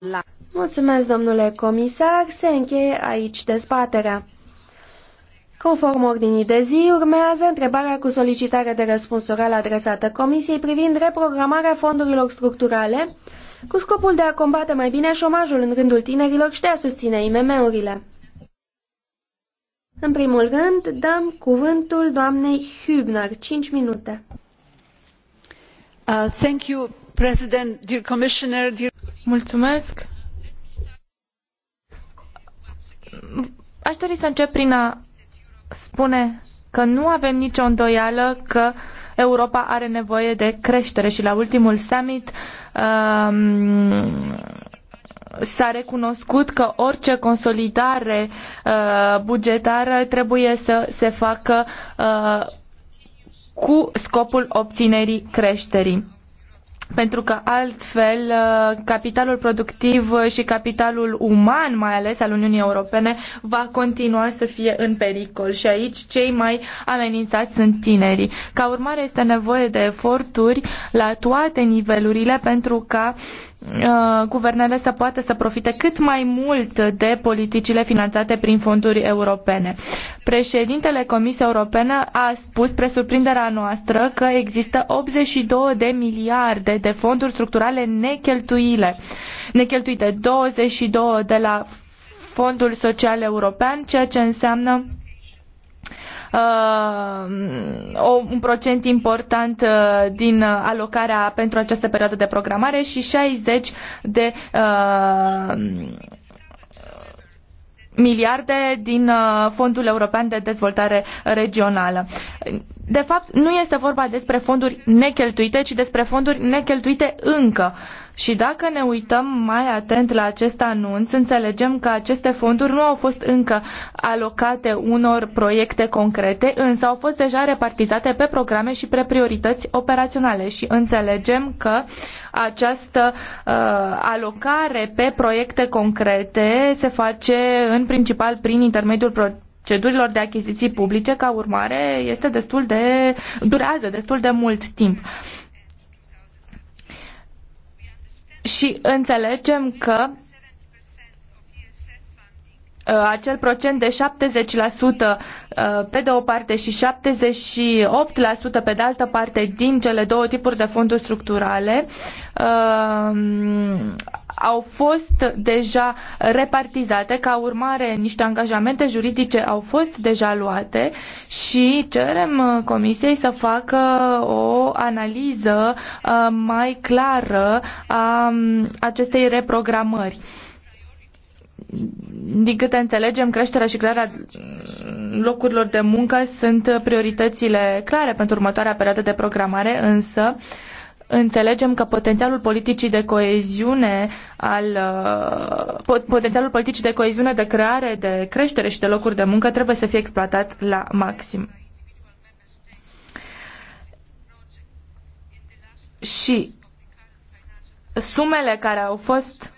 La... Mulțumesc, domnule comisar. Se încheie aici dezbaterea. Conform ordinii de zi, urmează întrebarea cu solicitare de răspuns oral adresată Comisiei privind reprogramarea fondurilor structurale cu scopul de a combate mai bine șomajul în rândul tinerilor și de a susține IMM-urile. În primul rând, dăm cuvântul doamnei Hübner, 5 minute. Uh, thank you, Aș dori să încep prin a spune că nu avem nicio îndoială că Europa are nevoie de creștere și la ultimul summit um, s-a recunoscut că orice consolidare uh, bugetară trebuie să se facă uh, cu scopul obținerii creșterii pentru că altfel uh, capitalul productiv și capitalul uman, mai ales al Uniunii Europene, va continua să fie în pericol și aici cei mai amenințați sunt tinerii. Ca urmare este nevoie de eforturi la toate nivelurile pentru ca uh, Uh, guvernele să poată să profite cât mai mult de politicile finanțate prin fonduri europene. Președintele Comisiei Europene a spus, spre surprinderea noastră, că există 82 de miliarde de fonduri structurale necheltuile, necheltuite, 22 de la Fondul Social European, ceea ce înseamnă uh, un procent important uh, din uh, alocarea pentru această perioadă de programare și 60 de uh, miliarde din uh, Fondul European de Dezvoltare Regională. De fapt, nu este vorba despre fonduri necheltuite, ci despre fonduri necheltuite încă. Uh, și dacă ne uităm mai atent la acest anunț, înțelegem că aceste fonduri nu au fost încă alocate unor proiecte concrete, însă au fost deja repartizate pe programe și pe priorități operaționale și înțelegem că această uh, alocare pe proiecte concrete se face în principal prin intermediul pro- procedurilor de achiziții publice, ca urmare, este destul de, durează destul de mult timp. Uh, și înțelegem că uh, acel procent de 70% Uh, pe de o parte și 78% pe de altă parte din cele două tipuri de fonduri structurale uh, au fost deja repartizate, ca urmare niște angajamente juridice au fost deja luate și cerem uh, Comisiei să facă o analiză mai clară a um, acestei reprogramări din câte înțelegem, creșterea și crearea locurilor de muncă sunt prioritățile clare pentru următoarea perioadă de programare, însă înțelegem că potențialul politicii de coeziune al uh, potențialul politicii de coeziune de creare, de creștere și de locuri de muncă trebuie să fie exploatat la maxim. Și sumele care au fost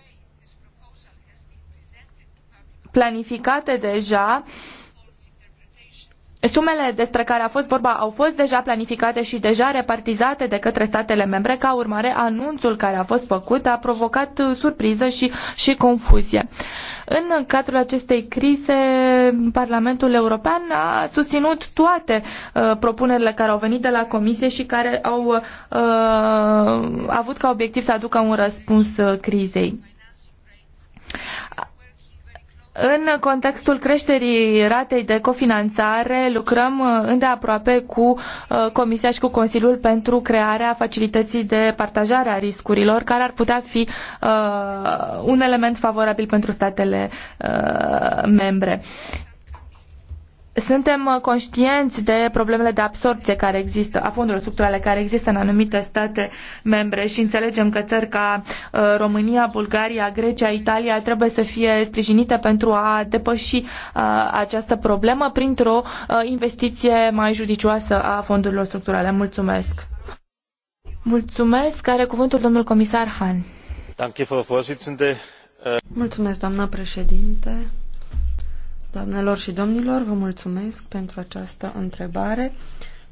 planificate deja. Sumele despre care a fost vorba au fost deja planificate și deja repartizate de către statele membre. Ca urmare, anunțul care a fost făcut a provocat surpriză și, și confuzie. În cadrul acestei crize, Parlamentul European a susținut toate uh, propunerile care au venit de la Comisie și care au uh, avut ca obiectiv să aducă un răspuns uh, crizei. În contextul creșterii ratei de cofinanțare, lucrăm uh, îndeaproape cu uh, Comisia și cu Consiliul pentru crearea facilității de partajare a riscurilor, care ar putea fi uh, un element favorabil pentru statele membre. Suntem uh, conștienți de problemele de absorpție care există, a fondurilor structurale care există în anumite state membre și înțelegem că țări ca uh, România, Bulgaria, Grecia, Italia trebuie să fie sprijinite pentru a depăși uh, această problemă printr-o investiție mai judicioasă a fondurilor structurale. Mulțumesc! Mulțumesc! Are cuvântul domnul comisar Han. Mulțumesc, doamnă președinte. Doamnelor și domnilor, vă mulțumesc pentru această întrebare,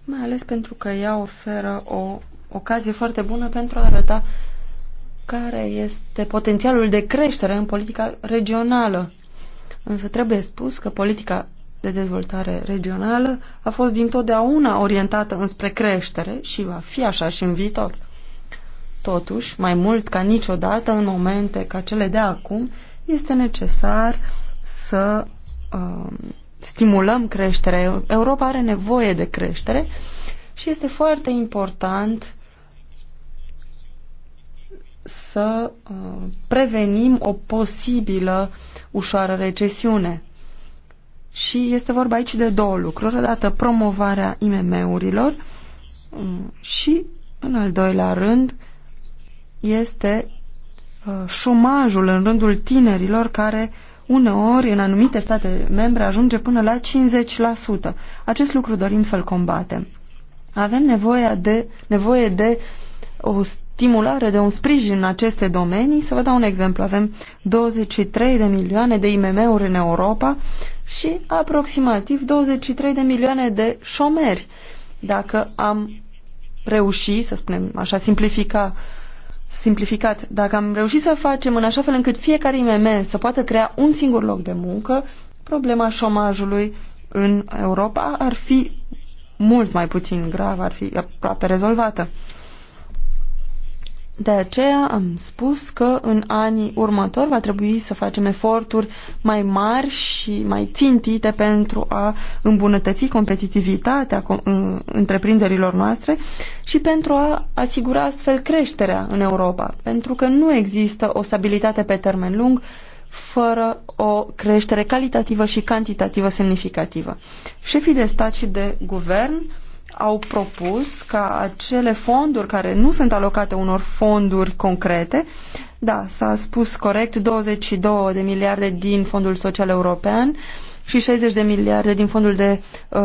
mai ales pentru că ea oferă o ocazie foarte bună pentru a arăta care este potențialul de creștere în politica regională. Însă trebuie spus că politica de dezvoltare regională a fost dintotdeauna orientată înspre creștere și va fi așa și în viitor. Totuși, mai mult ca niciodată, în momente ca cele de acum, este necesar să Um, stimulăm creșterea. Europa are nevoie de creștere și este foarte important să uh, prevenim o posibilă ușoară recesiune. Și este vorba aici de două lucruri. Odată promovarea IMM-urilor um, și, în al doilea rând, este uh, șomajul în rândul tinerilor care uh, Uneori, în anumite state membre, ajunge până la 50%. Acest lucru dorim să-l combatem. Avem nevoie de, nevoie de o stimulare, de un sprijin în aceste domenii. Să vă dau un exemplu. Avem 23 de milioane de IMM-uri în Europa și aproximativ 23 de milioane de șomeri. Dacă am reuși, să spunem așa, simplifica uh, simplificat, dacă am reușit să facem în așa fel încât fiecare IMM să poată crea un singur loc de muncă, problema șomajului în Europa ar fi mult mai puțin grav, ar fi aproape rezolvată. De aceea am spus că în anii următori va trebui să facem eforturi mai mari și mai țintite pentru a îmbunătăți competitivitatea întreprinderilor noastre și pentru a asigura astfel creșterea în Europa, pentru că nu există o stabilitate pe termen lung fără o creștere calitativă și cantitativă semnificativă. Șefii de stat și de guvern au propus ca acele fonduri care nu sunt alocate unor fonduri concrete, da, s-a spus corect, 22 de miliarde din Fondul Social European și 60 de miliarde din Fondul de uh,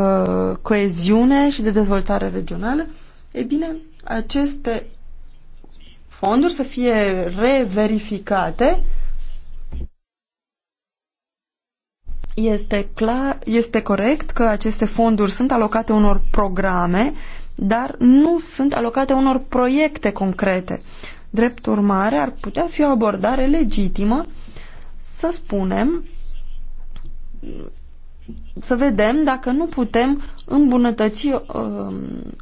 Coeziune și de Dezvoltare Regională, e bine, aceste fonduri să fie reverificate uh, Este, clar, este corect că aceste fonduri sunt alocate unor programe, dar nu sunt alocate unor proiecte concrete. Drept urmare, ar putea fi o abordare legitimă să spunem, să vedem dacă nu putem îmbunătăți uh,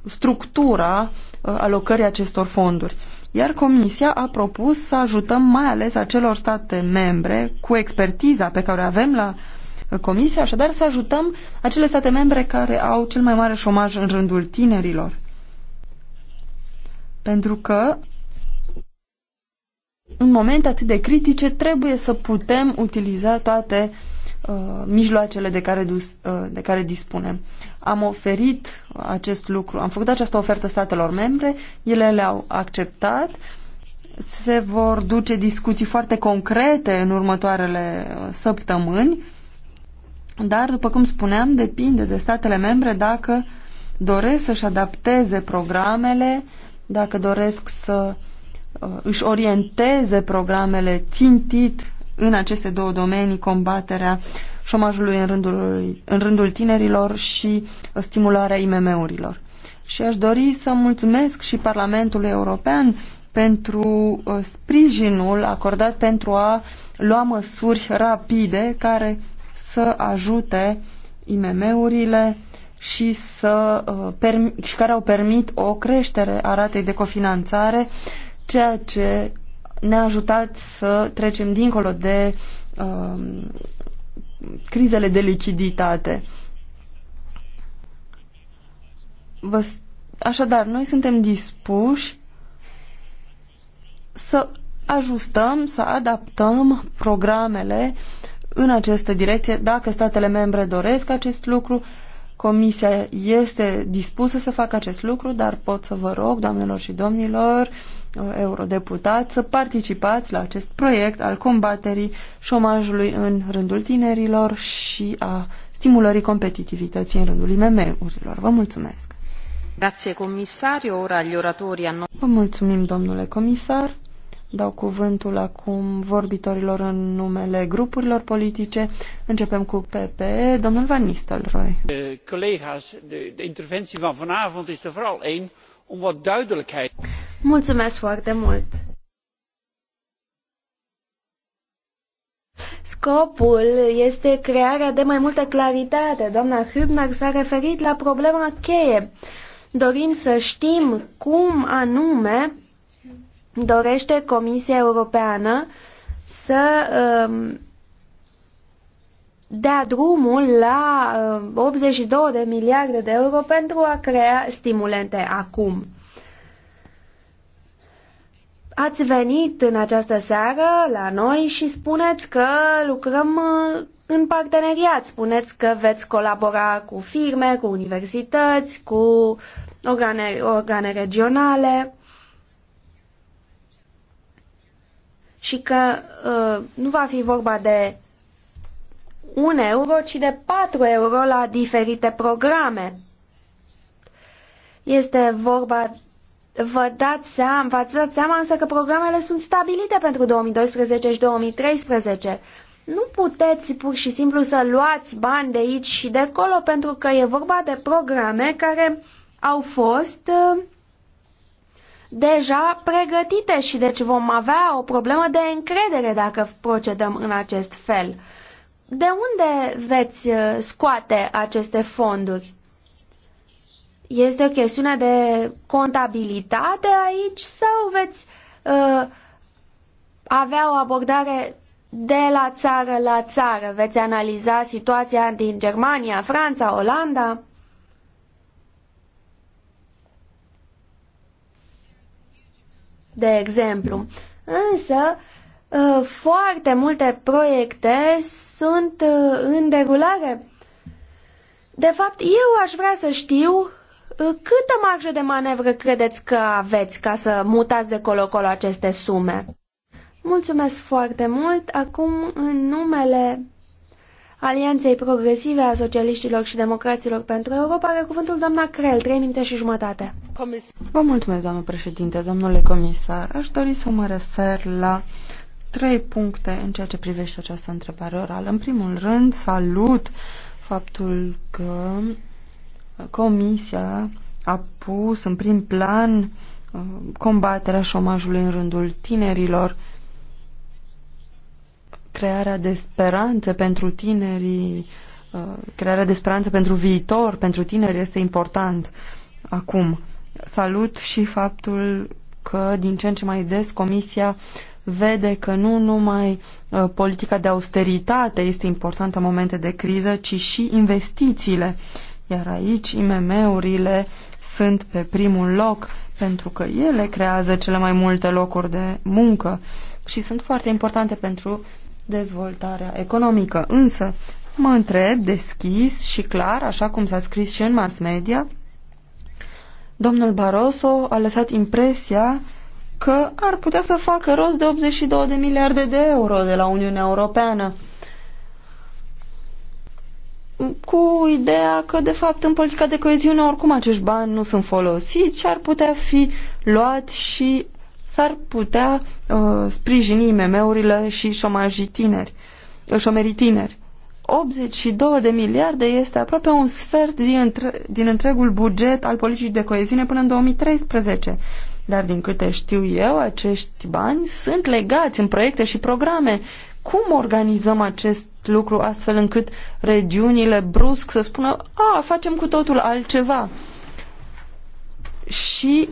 structura uh, alocării acestor fonduri. Iar Comisia a propus să ajutăm mai ales acelor state membre cu expertiza pe care o avem la Comisia, așadar să ajutăm acele state membre care au cel mai mare șomaj în rândul tinerilor. Pentru că în momente atât de critice trebuie să putem utiliza toate uh, mijloacele de care, dus, uh, de care dispunem. Am oferit acest lucru, am făcut această ofertă statelor membre, ele le-au acceptat, se vor duce discuții foarte concrete în următoarele uh, săptămâni dar, după cum spuneam, depinde de statele membre dacă doresc să-și adapteze programele, dacă doresc să uh, își orienteze programele țintit în aceste două domenii, combaterea șomajului în rândul, în rândul tinerilor și stimularea IMM-urilor. Și aș dori să mulțumesc și Parlamentului European pentru uh, sprijinul acordat pentru a lua măsuri rapide care să ajute IMM-urile și, să, uh, și care au permit o creștere a ratei de cofinanțare, ceea ce ne-a ajutat să trecem dincolo de uh, crizele de lichiditate. Vă, așadar, noi suntem dispuși să ajustăm, să adaptăm programele în această direcție. Dacă statele membre doresc acest lucru, Comisia este dispusă să facă acest lucru, dar pot să vă rog, doamnelor și domnilor, uh, eurodeputați, să participați la acest proiect al combaterii șomajului în rândul tinerilor și a stimulării competitivității în rândul IMM-urilor. Vă mulțumesc! Grazie, comisario. Ora gli oratori hanno... Vă mulțumim, domnule comisar. Dau cuvântul acum vorbitorilor în numele grupurilor politice. Începem cu PP. Domnul Van Nistelrooy. Collega's, de, de intervenție van vanavond este er vooral één om wat duidelijkheid. Mulțumesc foarte mult. Scopul este crearea de mai multă claritate. Doamna Hübner s-a referit la problema cheie. Dorim să știm cum anume dorește Comisia Europeană să um, dea drumul la 82 um, de miliarde de euro pentru a crea stimulente acum. Ați venit în această seară la noi și spuneți că lucrăm uh, în parteneriat. Spuneți că veți colabora cu firme, cu universități, cu organe, organe regionale. și că uh, nu va fi vorba de un euro, ci de patru euro la diferite programe. Este vorba, vă dați seama, v-ați dat seama însă că programele sunt stabilite pentru 2012 și 2013. Nu puteți pur și simplu să luați bani de aici și de acolo pentru că e vorba de programe care au fost uh, deja pregătite și deci vom avea o problemă de încredere dacă procedăm în acest fel. De unde veți uh, scoate aceste fonduri? Este o chestiune de contabilitate aici sau veți uh, avea o abordare de la țară la țară? Veți analiza situația din Germania, Franța, Olanda? de exemplu. Însă, uh, foarte multe proiecte sunt uh, în derulare. De fapt, eu aș vrea să știu uh, câtă marjă de manevră credeți că aveți ca să mutați de colo-colo aceste sume. Mulțumesc foarte mult. Acum, în numele Alianței Progresive a Socialiștilor și Democraților pentru Europa are cuvântul doamna Crel, 3 minute și jumătate. Vă mulțumesc, doamnă președinte, domnule comisar. Aș dori să mă refer la trei puncte în ceea ce privește această întrebare orală. În primul rând, salut faptul că Comisia a pus în prim plan uh, combaterea șomajului în rândul tinerilor crearea de speranță pentru tinerii, uh, crearea de speranță pentru viitor, pentru tineri este important acum. Salut și faptul că din ce în ce mai des Comisia vede că nu numai uh, politica de austeritate este importantă în momente de criză, ci și investițiile. Iar aici IMM-urile sunt pe primul loc pentru că ele creează cele mai multe locuri de muncă și sunt foarte importante pentru dezvoltarea economică. Însă, mă întreb deschis și clar, așa cum s-a scris și în mass media, domnul Barroso a lăsat impresia că ar putea să facă rost de 82 de miliarde de euro de la Uniunea Europeană cu ideea că, de fapt, în politica de coeziune, oricum acești bani nu sunt folosiți și ar putea fi luat și s-ar putea uh, sprijini IMM-urile și șomajii tineri, uh, șomerii tineri. 82 de miliarde este aproape un sfert din, între, din întregul buget al politicii de coeziune până în 2013. Dar din câte știu eu, acești bani sunt legați în proiecte și programe. Cum organizăm acest lucru astfel încât regiunile brusc să spună a, facem cu totul altceva? Și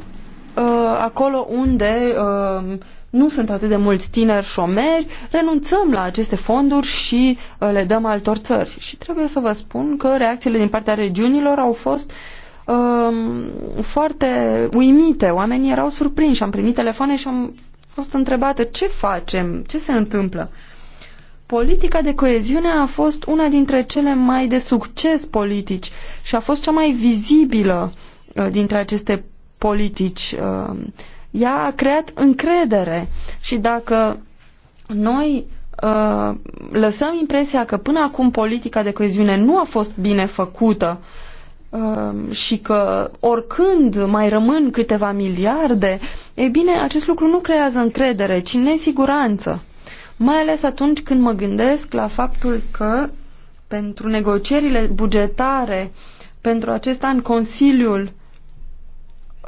Uh, acolo unde uh, nu sunt atât de mulți tineri șomeri, renunțăm la aceste fonduri și uh, le dăm altor țări. Și trebuie să vă spun că reacțiile din partea regiunilor au fost um, foarte uimite. Oamenii erau surprinși. Am primit telefoane și am fost întrebată ce facem, ce se întâmplă. Politica de coeziune a fost una dintre cele mai de succes politici și a fost cea mai vizibilă dintre aceste politici. Uh, ea a creat încredere și dacă noi uh, lăsăm impresia că până acum politica de coeziune nu a fost bine făcută uh, și că oricând mai rămân câteva miliarde, e bine, acest lucru nu creează încredere, ci nesiguranță. Mai ales atunci când mă gândesc la faptul că pentru negocierile bugetare pentru acest an Consiliul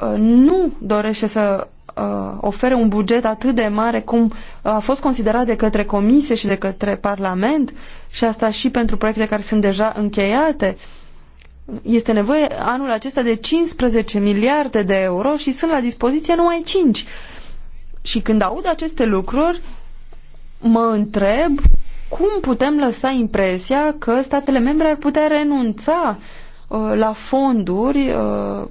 Uh, nu dorește să uh, ofere un buget atât de mare cum uh, a fost considerat de către Comisie și de către Parlament și asta și pentru proiecte care sunt deja încheiate. Este nevoie anul acesta de 15 miliarde de euro și sunt la dispoziție numai 5. Și când aud aceste lucruri, mă întreb cum putem lăsa impresia că statele membre ar putea renunța uh, Uh, la fonduri uh,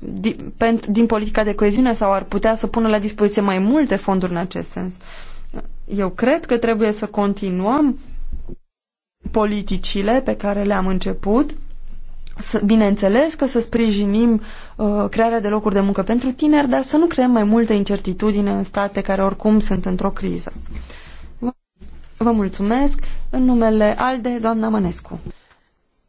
din politica de coeziune sau ar putea să pună la dispoziție mai multe fonduri în acest sens. Eu cred că trebuie să continuăm politicile pe care le-am început. Bineînțeles că să sprijinim uh, crearea de locuri de muncă pentru tineri, dar să nu creăm mai multă incertitudine în state care oricum sunt într-o criză. Vă mulțumesc. În numele ALDE, doamna Mănescu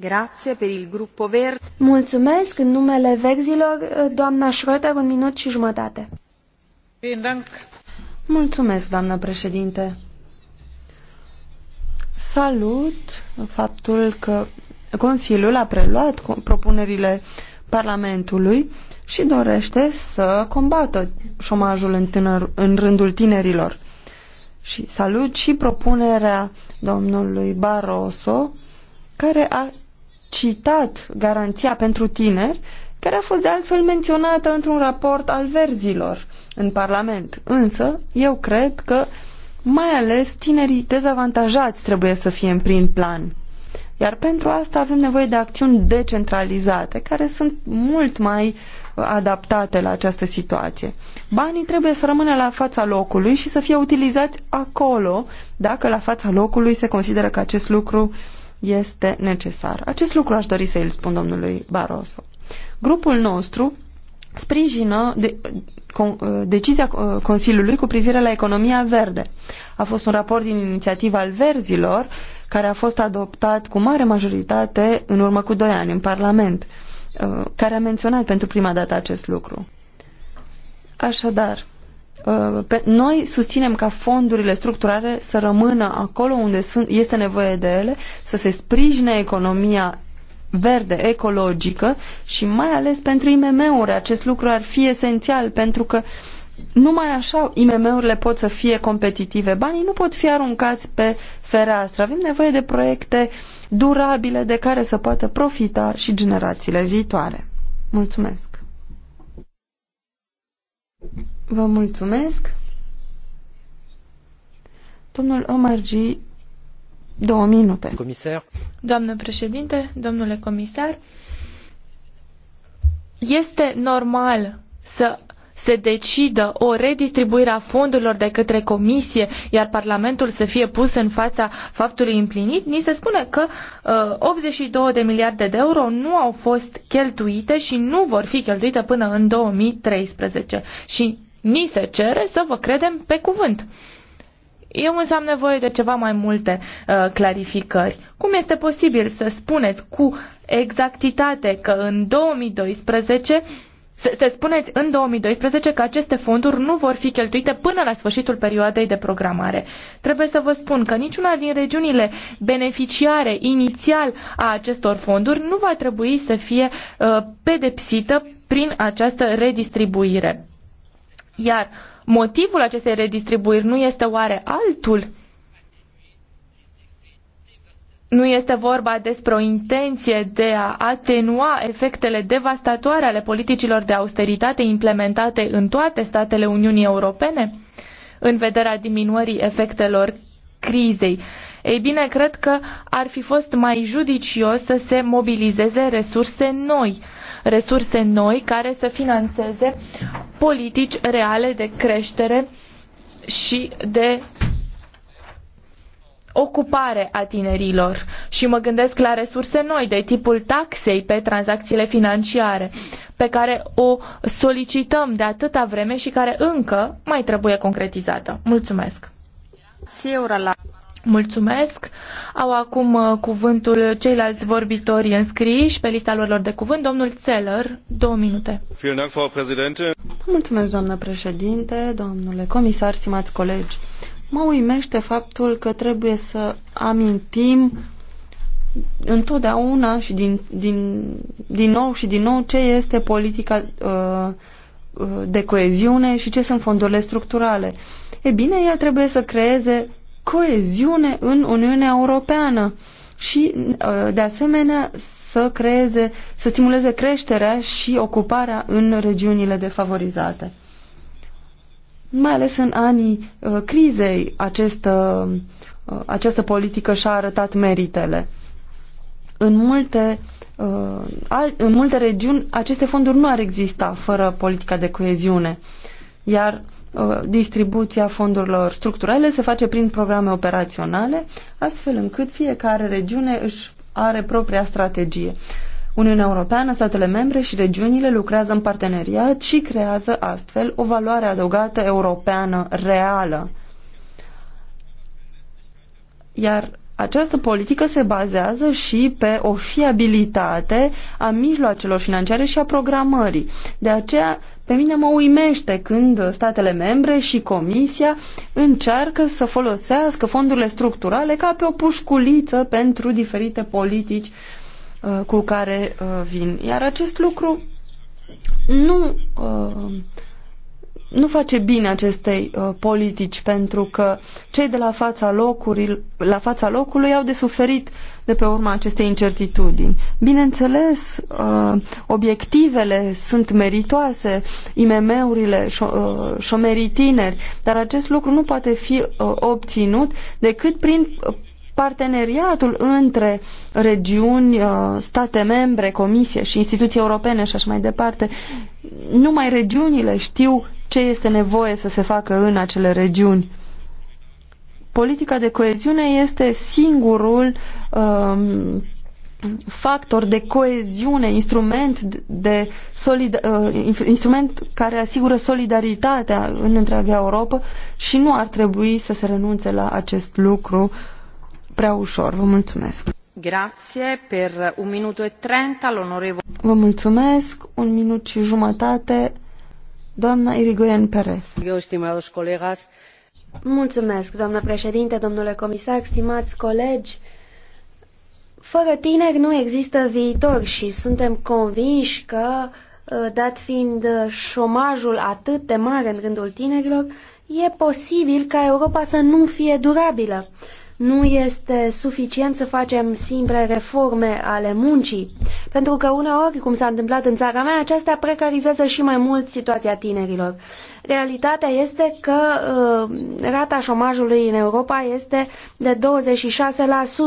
Grazie per il gruppo Verde. Mulțumesc în numele verzilor, doamna Schroeter, un minut și jumătate. Mulțumesc, doamnă președinte. Salut faptul că Consiliul a preluat propunerile Parlamentului și dorește să combată șomajul în, tânăr, în rândul tinerilor. Și salut și propunerea domnului Barroso, care a citat garanția pentru tineri, care a fost de altfel menționată într-un raport al verzilor în Parlament. Însă, eu cred că mai ales tinerii dezavantajați trebuie să fie în prim plan. Iar pentru asta avem nevoie de acțiuni decentralizate, care sunt mult mai uh, adaptate la această situație. Banii trebuie să rămână la fața locului și să fie utilizați acolo, dacă la fața locului se consideră că acest lucru uh, este necesar. Acest lucru aș dori să îl spun domnului Barroso. Grupul nostru sprijină de, con, uh, decizia uh, Consiliului cu privire la economia verde. A fost un raport din inițiativa al verzilor care a fost adoptat cu mare majoritate în urmă cu doi ani în Parlament, uh, care a menționat pentru prima dată acest lucru. Așadar, Uh, pe, noi susținem ca fondurile structurale să rămână acolo unde sunt, este nevoie de ele, să se sprijine economia verde, ecologică și mai ales pentru IMM-uri. Acest lucru ar fi esențial pentru că numai așa IMM-urile pot să fie competitive. Banii nu pot fi aruncați pe fereastră. Avem nevoie de proiecte durabile de care să poată profita și generațiile viitoare. Mulțumesc! Vă mulțumesc. Domnul G. două minute. Comisar. Doamnă președinte, domnule comisar, este normal să se decidă o redistribuire a fondurilor de către comisie, iar Parlamentul să fie pus în fața faptului împlinit, ni se spune că uh, 82 de miliarde de euro nu au fost cheltuite și nu vor fi cheltuite până în 2013. Și ni se cere să vă credem pe cuvânt. Eu însă am nevoie de ceva mai multe uh, clarificări. Cum este posibil să spuneți cu exactitate că în 2012 să, să spuneți în 2012 că aceste fonduri nu vor fi cheltuite până la sfârșitul perioadei de programare. Trebuie să vă spun că niciuna din regiunile beneficiare inițial a acestor fonduri nu va trebui să fie uh, pedepsită prin această redistribuire. Iar motivul acestei redistribuiri nu este oare altul? Nu este vorba despre o intenție de a atenua efectele devastatoare ale politicilor de austeritate implementate în toate statele Uniunii Europene în vederea diminuării efectelor crizei. Ei bine, cred că ar fi fost mai judicios să se mobilizeze resurse noi resurse noi care să financeze politici reale de creștere și de ocupare a tinerilor și mă gândesc la resurse noi de tipul taxei pe tranzacțiile financiare pe care o solicităm de atâta vreme și care încă mai trebuie concretizată. Mulțumesc! Mulțumesc. Au acum uh, cuvântul ceilalți vorbitori înscriși pe lista lor de cuvânt. Domnul Țeller, două minute. Mulțumesc, doamnă președinte, domnule comisar, stimați colegi. Mă uimește faptul că trebuie să amintim întotdeauna și din, din, din nou și din nou ce este politica uh, uh de coeziune și ce sunt fondurile structurale. E bine, ea trebuie să creeze coeziune în Uniunea Europeană și, uh, de asemenea, să creeze, să stimuleze creșterea și ocuparea în regiunile defavorizate. Mai ales în anii uh, crizei, această, uh, această politică și-a arătat meritele. În multe, în multe regiuni, aceste fonduri nu ar exista fără politica de coeziune. Iar Uh, distribuția fondurilor structurale se face prin programe operaționale, astfel încât fiecare regiune își are propria strategie. Uniunea Europeană, statele membre și regiunile lucrează în parteneriat și creează astfel o valoare adăugată europeană reală. Iar această politică se bazează și pe o fiabilitate a mijloacelor financiare și a programării. De aceea pe mine mă uimește când statele membre și Comisia încearcă să folosească fondurile structurale ca pe o pușculiță pentru diferite politici uh, cu care uh, vin. Iar acest lucru nu, uh, nu face bine acestei uh, politici pentru că cei de la fața, locuri, la fața locului au de suferit de pe urma acestei incertitudini. Bineînțeles, uh, obiectivele sunt meritoase, IMM-urile, uh, șomerii tineri, dar acest lucru nu poate fi uh, obținut decât prin parteneriatul între regiuni, state membre, comisie și instituții europene și așa mai departe. Numai regiunile știu ce este nevoie să se facă în acele regiuni politica de coeziune este singurul um, factor de coeziune, instrument, de solid, uh, instrument care asigură solidaritatea în întreaga Europa și nu ar trebui să se renunțe la acest lucru prea ușor. Vă mulțumesc. Grazie per un minuto e trenta l'onorevole. Vă mulțumesc. Un minut și jumătate. Doamna Irigoyen Perez. Eu, stimați colegi, Mulțumesc, doamnă președinte, domnule comisar, stimați colegi. Fără tineri nu există viitor și suntem convinși că, ă, dat fiind șomajul atât de mare în rândul tinerilor, e posibil ca Europa să nu fie durabilă nu este suficient să facem simple reforme ale muncii, pentru că uneori, cum s-a întâmplat în țara mea, aceasta precarizează și mai mult situația tinerilor. Realitatea este că uh, rata șomajului în Europa este de 26%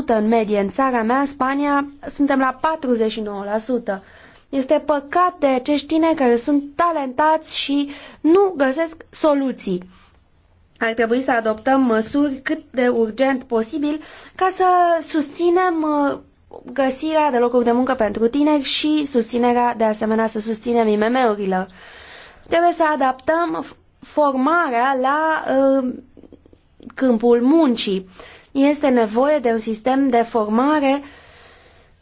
în medie. În țara mea, Spania, suntem la 49%. Este păcat de acești tineri care sunt talentați și nu găsesc soluții ar trebui să adoptăm măsuri cât de urgent posibil ca să susținem uh, găsirea de locuri de muncă pentru tineri și susținerea, de asemenea, să susținem IMM-urile. Trebuie să adaptăm formarea la uh, câmpul muncii. Este nevoie de un sistem de formare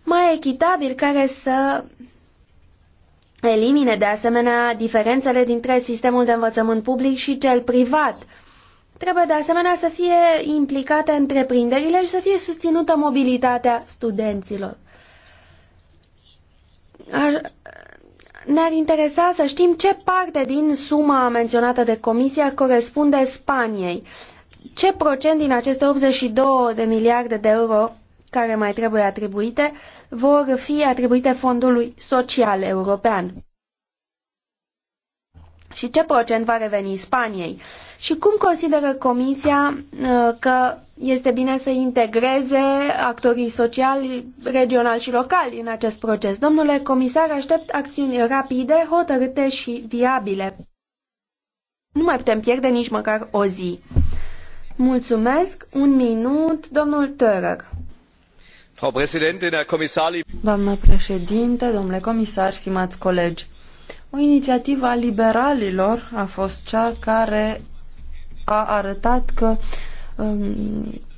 mai echitabil care să elimine de asemenea diferențele dintre sistemul de învățământ public și cel privat. Trebuie de asemenea să fie implicate întreprinderile și să fie susținută mobilitatea studenților. Ar, ne-ar interesa să știm ce parte din suma menționată de Comisia corespunde Spaniei. Ce procent din aceste 82 de miliarde de euro care mai trebuie atribuite vor fi atribuite Fondului Social European? și ce procent va reveni Spaniei. Și cum consideră Comisia uh, că este bine să integreze actorii sociali, regionali și locali în acest proces? Domnule comisar, aștept acțiuni rapide, hotărâte și viabile. Nu mai putem pierde nici măcar o zi. Mulțumesc. Un minut, domnul Törer. Frau Doamnă președinte, domnule comisar, stimați colegi, o inițiativă a liberalilor a fost cea care a arătat că um,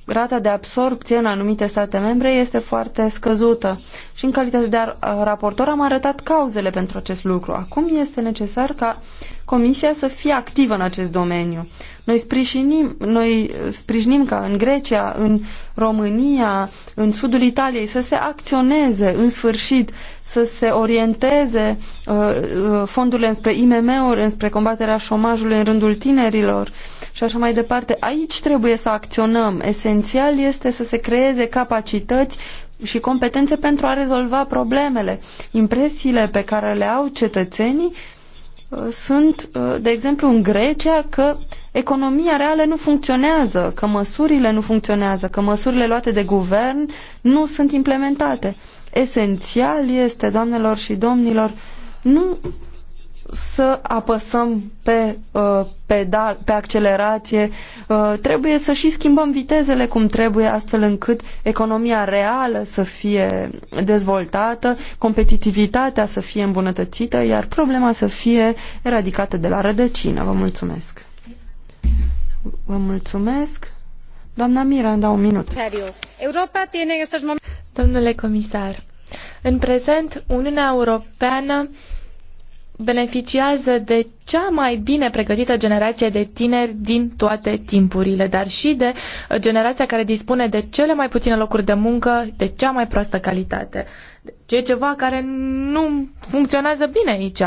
rata de absorpție în anumite state membre este foarte scăzută și în calitate de raportor am arătat cauzele pentru acest lucru. Acum este necesar ca Comisia să fie activă în acest domeniu. Noi sprijinim, noi sprijinim ca în Grecia, în România, în sudul Italiei să se acționeze în sfârșit să se orienteze uh, uh, fondurile înspre IMM-uri, înspre combaterea șomajului în rândul tinerilor și așa mai departe. Aici trebuie să acționăm. Esențial este să se creeze capacități și competențe pentru a rezolva problemele. Impresiile pe care le au cetățenii uh, sunt, de exemplu, în Grecia că economia reală nu funcționează, că măsurile nu funcționează, că măsurile luate de guvern nu sunt implementate. Esențial este, doamnelor și domnilor, nu să apăsăm pe uh, pedal, pe accelerație, uh, trebuie să și schimbăm vitezele cum trebuie, astfel încât economia reală să fie dezvoltată, competitivitatea să fie îmbunătățită, iar problema să fie eradicată de la rădăcină. Vă mulțumesc! Vă mulțumesc! Doamna Miranda, un minut. Europa tiene estos momentos... Domnule comisar, în prezent, Uniunea Europeană beneficiază de cea mai bine pregătită generație de tineri din toate timpurile, dar și de uh, generația care dispune de cele mai puține locuri de muncă, de cea mai proastă calitate. Deci e ceva care nu funcționează bine aici.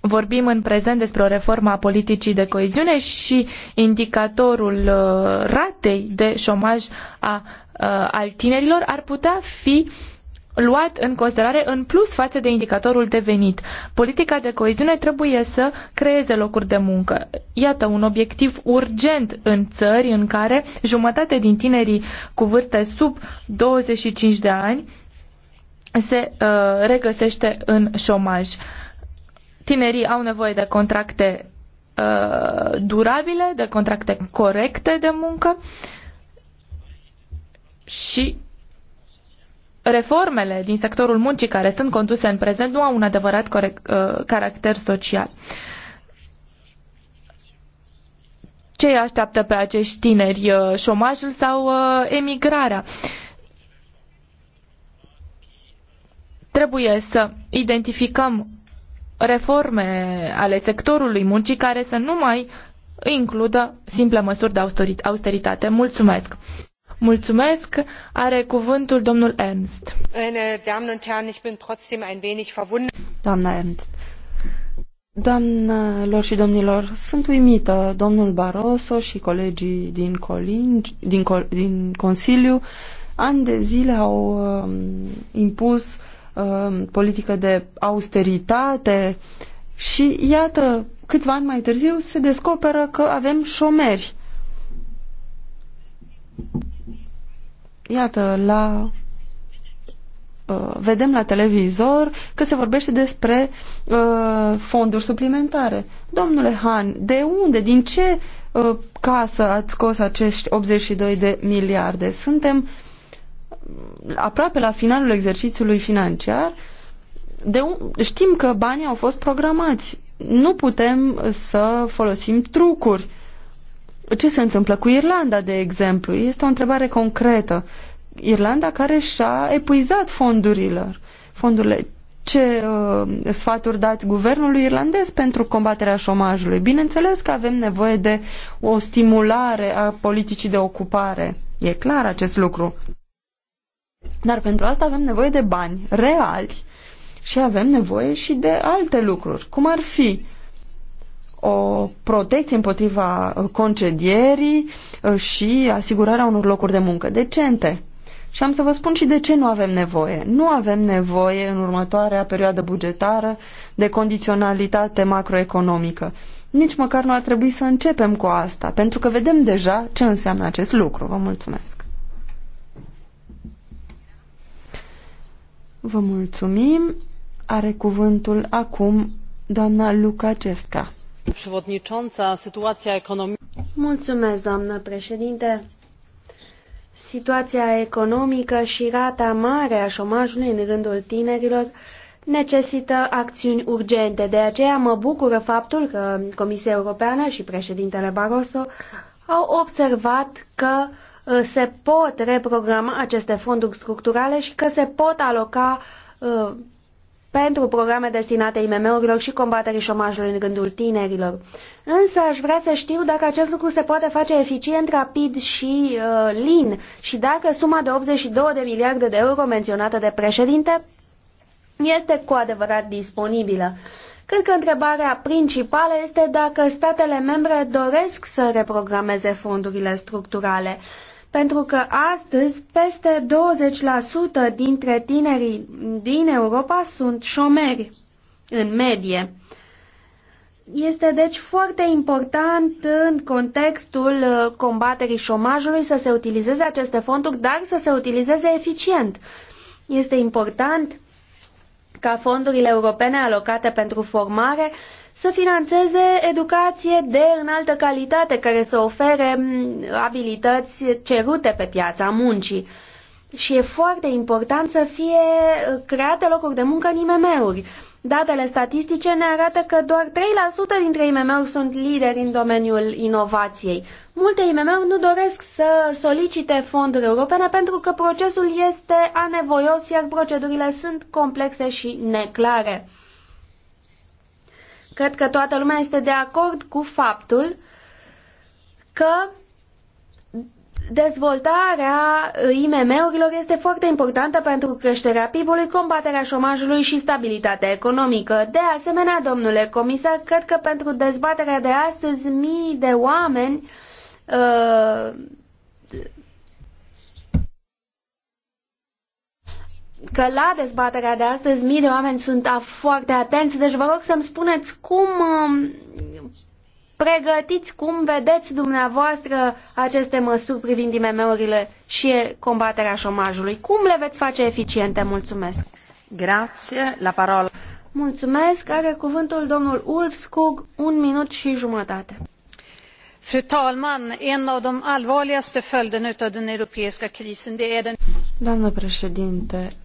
Vorbim în prezent despre o reformă a politicii de coeziune și indicatorul uh, ratei de șomaj a Uh, al tinerilor ar putea fi luat în considerare în plus față de indicatorul de venit. Politica de coeziune trebuie să creeze locuri de muncă. Iată un obiectiv urgent în țări în care jumătate din tinerii cu vârste sub 25 de ani se uh, regăsește în șomaj. Tinerii au nevoie de contracte uh, durabile, de contracte corecte de muncă. Uh, și reformele din sectorul muncii care sunt conduse în prezent nu au un adevărat corect, uh, caracter social. Ce îi așteaptă pe acești tineri? Uh, șomajul sau uh, emigrarea? Trebuie să identificăm reforme ale sectorului muncii care să nu mai includă simple măsuri de austeritate. Mulțumesc! Mulțumesc. Are cuvântul domnul Ernst. Doamna Ernst. Doamnelor și domnilor, sunt uimită. Domnul Barroso și colegii din, Colin, din, Col, din Consiliu ani de zile au um, impus um, politică de austeritate și iată, câțiva ani mai târziu se descoperă că avem șomeri iată, la uh, vedem la televizor că se vorbește despre uh, fonduri suplimentare. Domnule Han, de unde, din ce uh, casă ați scos acești 82 de miliarde? Suntem uh, aproape la finalul exercițiului financiar. De un... Știm că banii au fost programați. Nu putem să folosim trucuri. Uh, ce se întâmplă cu Irlanda, de exemplu? Este o întrebare concretă. Irlanda care și-a epuizat fondurilor, fondurile. Ce uh, sfaturi dați guvernului irlandez pentru combaterea șomajului? Bineînțeles că avem nevoie de o stimulare a politicii de ocupare. E clar acest lucru. Dar pentru asta avem nevoie de bani reali și avem nevoie și de alte lucruri, cum ar fi o protecție împotriva concedierii uh, și asigurarea unor locuri de muncă decente. Și am să vă spun și de ce nu avem nevoie. Nu avem nevoie în următoarea perioadă bugetară de condiționalitate macroeconomică. Nici măcar nu ar trebui să începem cu asta, pentru că vedem deja ce înseamnă acest lucru. Vă mulțumesc! Vă mulțumim! Are cuvântul acum doamna Lukacevska. Mulțumesc, doamnă președinte. Situația economică și rata mare a șomajului în rândul tinerilor necesită acțiuni urgente. De aceea mă bucură faptul că Comisia Europeană și președintele Barroso au observat că uh, se pot reprograma aceste fonduri structurale și că se pot aloca uh, pentru programe destinate IMM-urilor și combaterii șomajului în rândul tinerilor. Însă aș vrea să știu dacă acest lucru se poate face eficient, rapid și uh, lin și dacă suma de 82 de miliarde de euro menționată de președinte este cu adevărat disponibilă. Cred că întrebarea principală este dacă statele membre doresc să reprogrameze fondurile structurale. Uh, pentru că astăzi peste 20% dintre tinerii din Europa sunt șomeri în medie. Este deci foarte important în contextul uh, combaterii șomajului să se utilizeze aceste fonduri, dar să se utilizeze eficient. Este important ca fondurile europene alocate pentru formare să financeze educație de înaltă calitate care să ofere abilități cerute pe piața muncii. Și e foarte important să fie uh, create locuri de muncă în IMM-uri. Datele statistice ne arată că doar 3% dintre IMM-uri sunt lideri în domeniul inovației. Multe IMM-uri nu doresc să solicite fonduri europene pentru că procesul este anevoios, iar procedurile sunt complexe și neclare. Cred că toată lumea este de acord cu faptul că dezvoltarea IMM-urilor este foarte importantă pentru creșterea PIB-ului, combaterea șomajului și stabilitatea economică. De asemenea, domnule comisar, cred că pentru dezbaterea de astăzi mii de oameni uh, că la dezbaterea de astăzi mii de oameni sunt foarte atenți, deci vă rog să-mi spuneți cum um, pregătiți, cum vedeți dumneavoastră aceste măsuri privind IMM-urile și combaterea șomajului. Cum le veți face eficiente? Mulțumesc! Grație, la parola. Mulțumesc, are cuvântul domnul Ulfskog, un minut și jumătate. Fru talman, en av de allvarligaste följderna av den europeiska krisen, det är den... Doamnă președinte,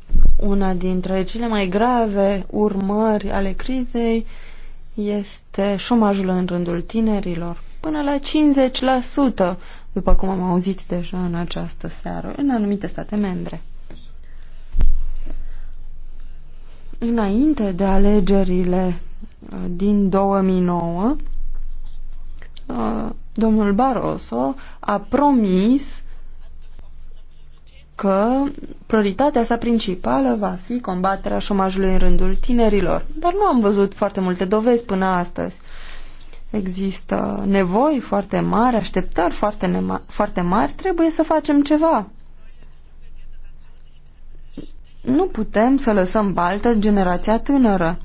una dintre cele mai grave urmări ale crizei este șomajul în rândul tinerilor, până la 50%, după cum am auzit deja în această seară, în anumite state membre. Înainte de alegerile uh, din 2009, uh, domnul Barroso a promis că prioritatea sa principală va fi combaterea șomajului în rândul tinerilor. Dar nu am văzut foarte multe dovezi până astăzi. Există nevoi foarte mari, așteptări foarte, foarte mari, trebuie să facem ceva. Nu putem să lăsăm baltă generația tânără.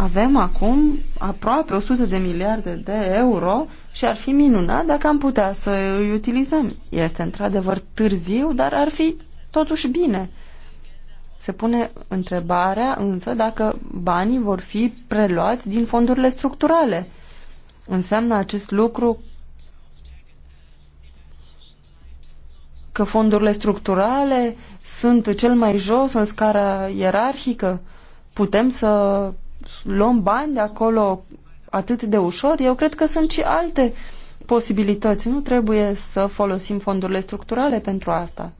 Avem acum aproape 100 de miliarde de euro și ar fi minunat dacă am putea să îi utilizăm. Este într-adevăr târziu, dar ar fi totuși bine. Se pune întrebarea însă dacă banii vor fi preluați din fondurile structurale. Înseamnă acest lucru că fondurile structurale sunt cel mai jos în scara ierarhică? Putem să luăm bani de acolo atât de ușor, eu cred că sunt și alte posibilități. Nu trebuie să folosim fondurile structurale pentru asta.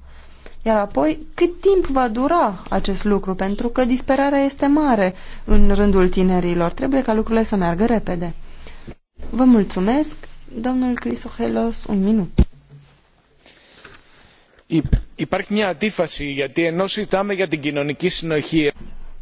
Iar apoi, cât timp va dura acest lucru? Pentru că disperarea este mare în rândul tinerilor. Trebuie ca lucrurile să meargă repede. Vă mulțumesc. Domnul Crisohelos, un minut. Υπάρχει μια αντίφαση γιατί ενώ συζητάμε για την κοινωνική συνοχή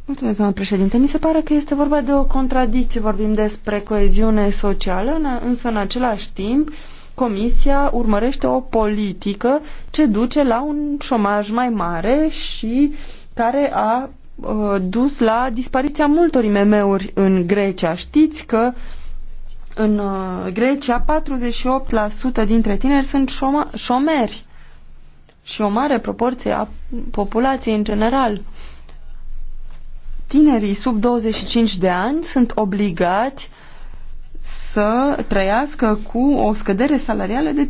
Mulțumesc, doamnă președinte. Mi se pare că este vorba de o contradicție. Vorbim despre coeziune socială, însă în același timp Comisia urmărește o politică ce duce la un șomaj mai mare și care a uh, dus la dispariția multor IMM-uri în Grecia. Știți că în uh, Grecia 48% dintre tineri sunt șoma- șomeri și o mare proporție a populației în general tinerii sub 25 de ani sunt obligați să trăiască cu o scădere salarială de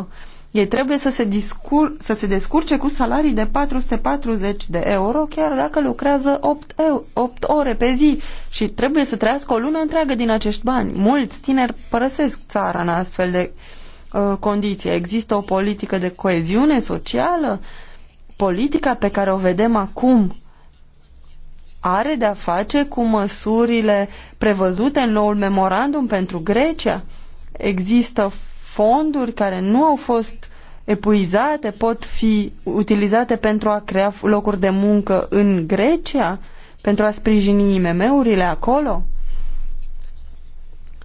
32%. Ei trebuie să se, discur- să se descurce cu salarii de 440 de euro, chiar dacă lucrează 8, e- 8 ore pe zi și trebuie să trăiască o lună întreagă din acești bani. Mulți tineri părăsesc țara în astfel de uh, condiții. Există o politică de coeziune socială? Politica pe care o vedem acum are de-a face cu măsurile prevăzute în noul memorandum pentru Grecia? Există fonduri care nu au fost epuizate, pot fi utilizate pentru a crea locuri de muncă în Grecia, pentru a sprijini IMM-urile acolo?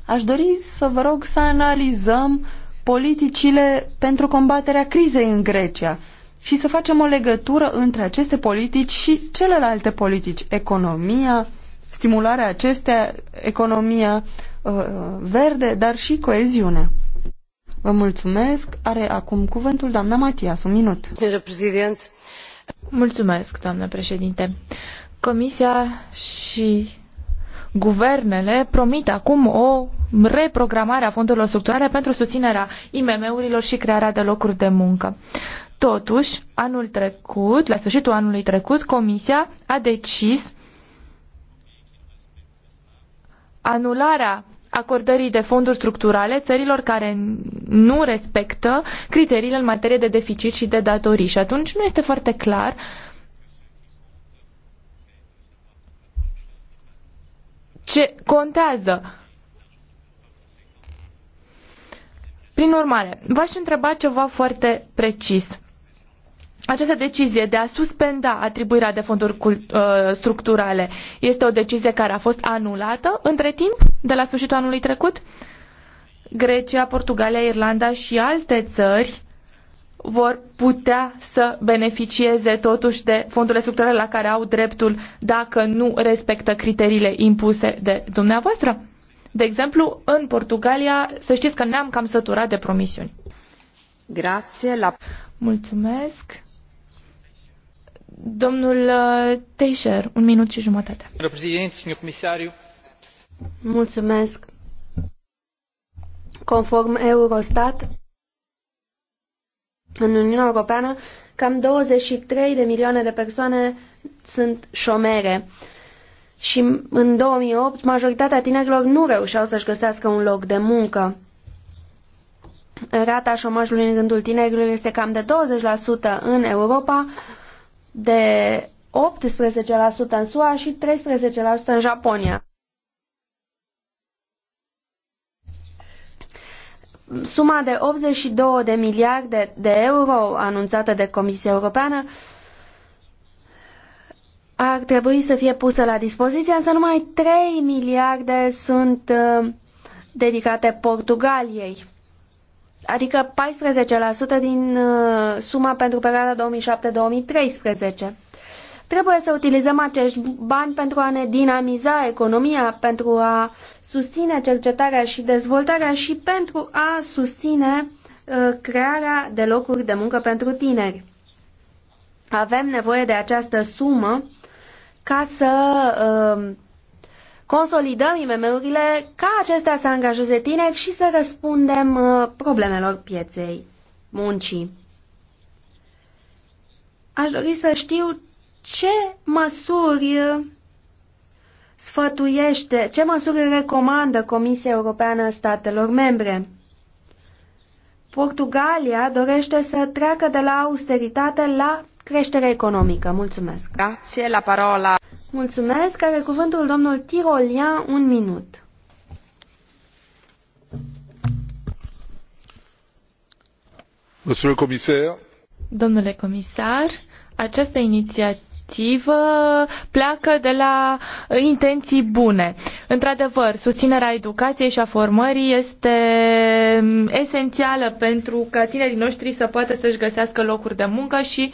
Aș dori să vă rog să analizăm politicile pentru combaterea crizei în Grecia și să facem o legătură între aceste politici și celelalte politici, economia, stimularea acestea, economia uh, verde, dar și coeziune. Vă mulțumesc. Are acum cuvântul doamna Matias. Un minut. Mulțumesc, doamnă președinte. Comisia și guvernele promit acum o reprogramare a fondurilor structurale pentru susținerea IMM-urilor și crearea de locuri de muncă. Totuși, anul trecut, la sfârșitul anului trecut, Comisia a decis anularea acordării de fonduri structurale țărilor care nu respectă criteriile în materie de deficit și de datorii. Și atunci nu este foarte clar ce contează. Prin urmare, v-aș întreba ceva foarte precis această decizie de a suspenda atribuirea de fonduri uh, structurale este o decizie care a fost anulată între timp, de la sfârșitul anului trecut? Grecia, Portugalia, Irlanda și alte țări vor putea să beneficieze totuși de fondurile structurale la care au dreptul dacă nu respectă criteriile impuse de dumneavoastră. De exemplu, în Portugalia, să știți că ne-am cam săturat de promisiuni. Grație la... Mulțumesc. Domnul uh, Teixeira, un minut și jumătate. Mulțumesc. Conform Eurostat, în Uniunea Europeană, cam 23 de milioane de persoane sunt șomere. Și în 2008, majoritatea tinerilor nu reușeau să-și găsească un loc de muncă. Rata șomajului în rândul tinerilor este cam de 20% în Europa, de 18% în SUA și 13% în Japonia. Suma de 82 de miliarde de euro anunțată de Comisia Europeană ar trebui să fie pusă la dispoziție, însă numai 3 miliarde sunt uh, dedicate Portugaliei adică 14% din uh, suma pentru perioada 2007-2013. Trebuie să utilizăm acești bani pentru a ne dinamiza economia, pentru a susține cercetarea și dezvoltarea și pentru a susține uh, crearea de locuri de muncă pentru tineri. Avem nevoie de această sumă ca să uh, consolidăm IMM-urile ca acestea să angajeze tineri și să răspundem uh, problemelor pieței muncii. Aș dori să știu ce măsuri sfătuiește, ce măsuri recomandă Comisia Europeană statelor membre. Portugalia dorește să treacă de la austeritate la creștere economică. Mulțumesc. Grație la parola. Mulțumesc. Are cuvântul domnul Tirolian, un minut. Comisar. Domnule comisar, această inițiativă pleacă de la intenții bune. Într-adevăr, susținerea educației și a formării este esențială pentru ca tinerii noștri să poată să-și găsească locuri de muncă și uh,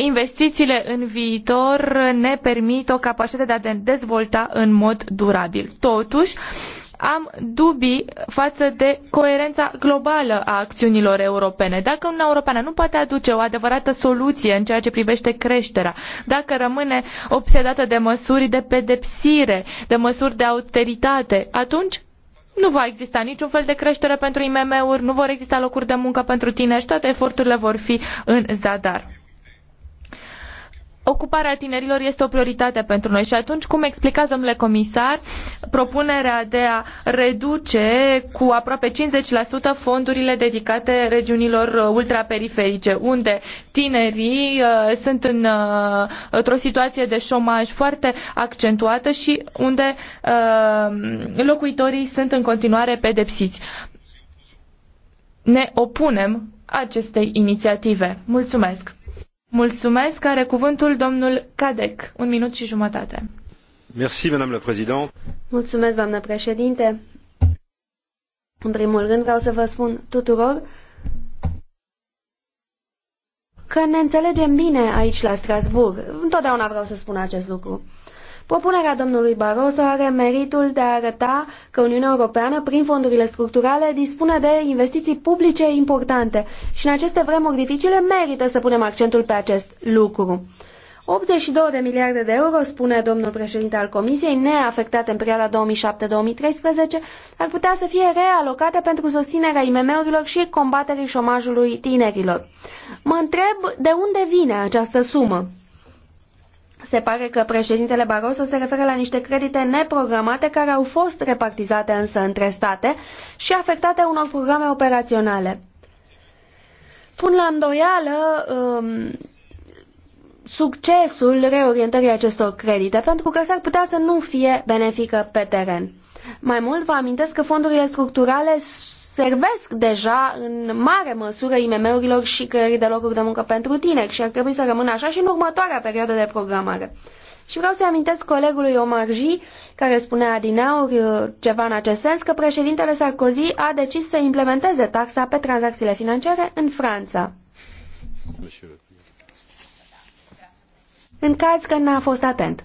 investițiile în viitor ne permit o capacitate de a ne dezvolta în mod durabil. Totuși, am dubii față de coerența globală a acțiunilor europene. Dacă Uniunea Europeană nu poate aduce o adevărată soluție în ceea ce privește creșterea, dacă rămâne obsedată de măsuri de pedepsire, de măsuri de austeritate, atunci nu va exista niciun fel de creștere pentru IMM-uri, nu vor exista locuri de muncă pentru tineri și toate eforturile vor fi în zadar. Ocuparea tinerilor este o prioritate pentru noi și atunci cum explicați, domnule comisar, propunerea de a reduce cu aproape 50% fondurile dedicate regiunilor uh, ultraperiferice, unde tinerii uh, sunt în, uh, într-o situație de șomaj foarte accentuată și unde uh, locuitorii sunt în continuare pedepsiți. Ne opunem acestei inițiative. Mulțumesc! Mulțumesc. Are cuvântul domnul Cadec. Un minut și jumătate. Merci, Madame la Présidente. Mulțumesc, doamnă președinte. În primul rând vreau să vă spun tuturor că ne înțelegem bine aici la Strasbourg. Întotdeauna vreau să spun acest lucru. Propunerea domnului Barroso are meritul de a arăta că Uniunea Europeană, prin fondurile structurale, dispune de investiții publice importante și în aceste vremuri dificile merită să punem accentul pe acest lucru. 82 de miliarde de euro, spune domnul președinte al Comisiei, neafectate în perioada 2007-2013, ar putea să fie realocate pentru susținerea IMM-urilor și combaterii șomajului tinerilor. Mă întreb de unde vine această sumă. Se pare că președintele Barroso se referă la niște credite neprogramate care au fost repartizate însă între state și afectate unor programe operaționale. Pun la îndoială um, succesul reorientării acestor credite pentru că s-ar putea să nu fie benefică pe teren. Mai mult vă amintesc că fondurile structurale servesc deja în mare măsură IMM-urilor și creării de locuri de muncă pentru tineri și ar trebui să rămână așa și în următoarea perioadă de programare. Și vreau să amintesc colegului Omarji, care spunea adineauri uh, ceva în acest sens, că președintele Sarkozy a decis să implementeze taxa pe tranzacțiile financiare în Franța. În caz că n-a fost atent.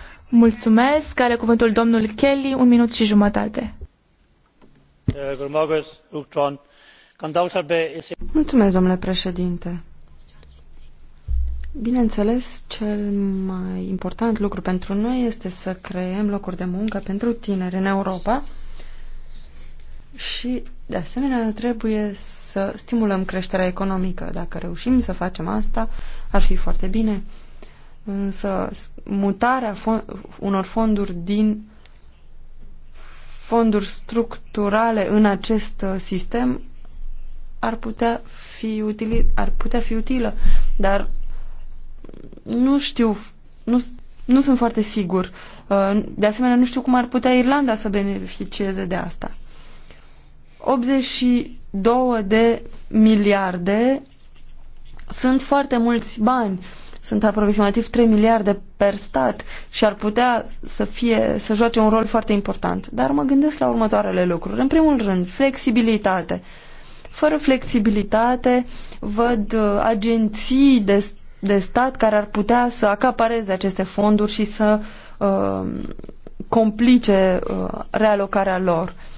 Mulțumesc. Care cuvântul domnul Kelly, un minut și jumătate. Mulțumesc, domnule președinte. Bineînțeles, cel mai important lucru pentru noi este să creăm locuri de muncă pentru tineri în Europa și, de asemenea, trebuie să stimulăm creșterea economică. Dacă reușim să facem asta, ar fi foarte bine însă mutarea fond unor fonduri din fonduri structurale în acest uh, sistem ar putea fi, util, ar putea fi utilă, dar nu știu, nu, nu sunt foarte sigur. Uh, de asemenea, nu știu cum ar putea Irlanda să beneficieze de asta. 82 de miliarde sunt foarte mulți bani sunt aproximativ 3 miliarde per stat și ar putea să, fie, să joace un rol foarte important. Dar mă gândesc la următoarele lucruri. În primul rând, flexibilitate. Fără flexibilitate văd uh, agenții de, de stat care ar putea să acapareze aceste fonduri și să uh, complice uh, realocarea lor. Uh,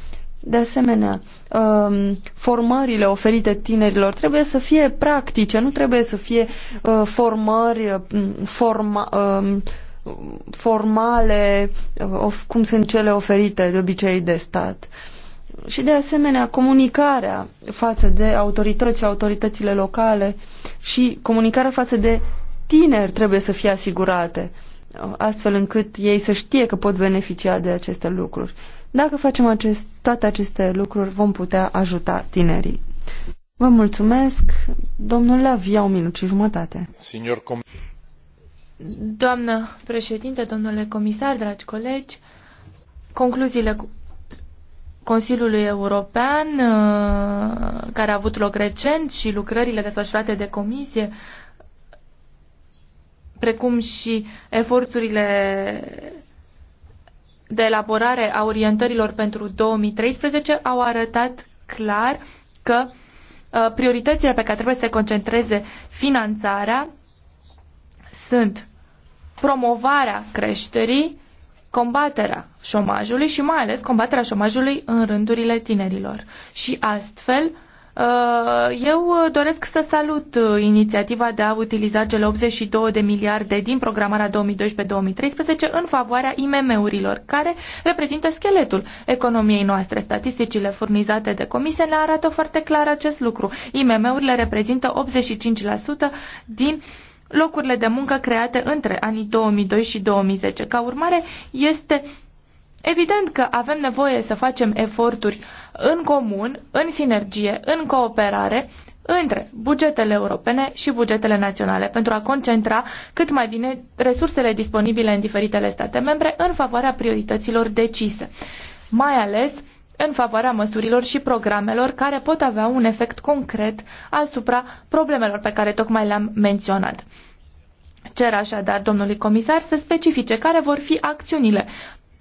de asemenea, um, formările oferite tinerilor trebuie să fie practice, nu trebuie să fie uh, formări uh, forma, um, formale, uh, cum sunt cele oferite de obicei de stat. Și de asemenea, comunicarea față de autorități și autoritățile locale și comunicarea față de tineri trebuie să fie asigurate, astfel încât ei să știe că pot beneficia de aceste lucruri. Dacă facem acest, toate aceste lucruri, vom putea ajuta tinerii. Vă mulțumesc. Domnule, avia o minut și jumătate. Signor com- Doamnă președinte, domnule comisar, dragi colegi, concluziile Consiliului European, uh, care a avut loc recent și lucrările desfășurate de comisie, precum și eforturile de elaborare a orientărilor pentru 2013 au arătat clar că uh, prioritățile pe care trebuie să se concentreze finanțarea sunt promovarea creșterii, combaterea șomajului și mai ales combaterea șomajului în rândurile tinerilor. Și astfel Uh, eu uh, doresc să salut uh, inițiativa de a utiliza cele 82 de miliarde din programarea 2012-2013 în favoarea IMM-urilor, care reprezintă scheletul economiei noastre. Statisticile furnizate de comisie ne arată foarte clar acest lucru. IMM-urile reprezintă 85% din locurile de muncă create între anii 2002 și 2010. Ca urmare, este evident că avem nevoie să facem eforturi uh, în comun, în sinergie, în cooperare între bugetele europene și bugetele naționale pentru a concentra cât mai bine resursele disponibile în diferitele state membre în favoarea priorităților decise, mai ales în favoarea măsurilor și programelor care pot avea un efect concret asupra problemelor pe care tocmai le-am menționat. Cer așadar domnului comisar să specifice care vor fi acțiunile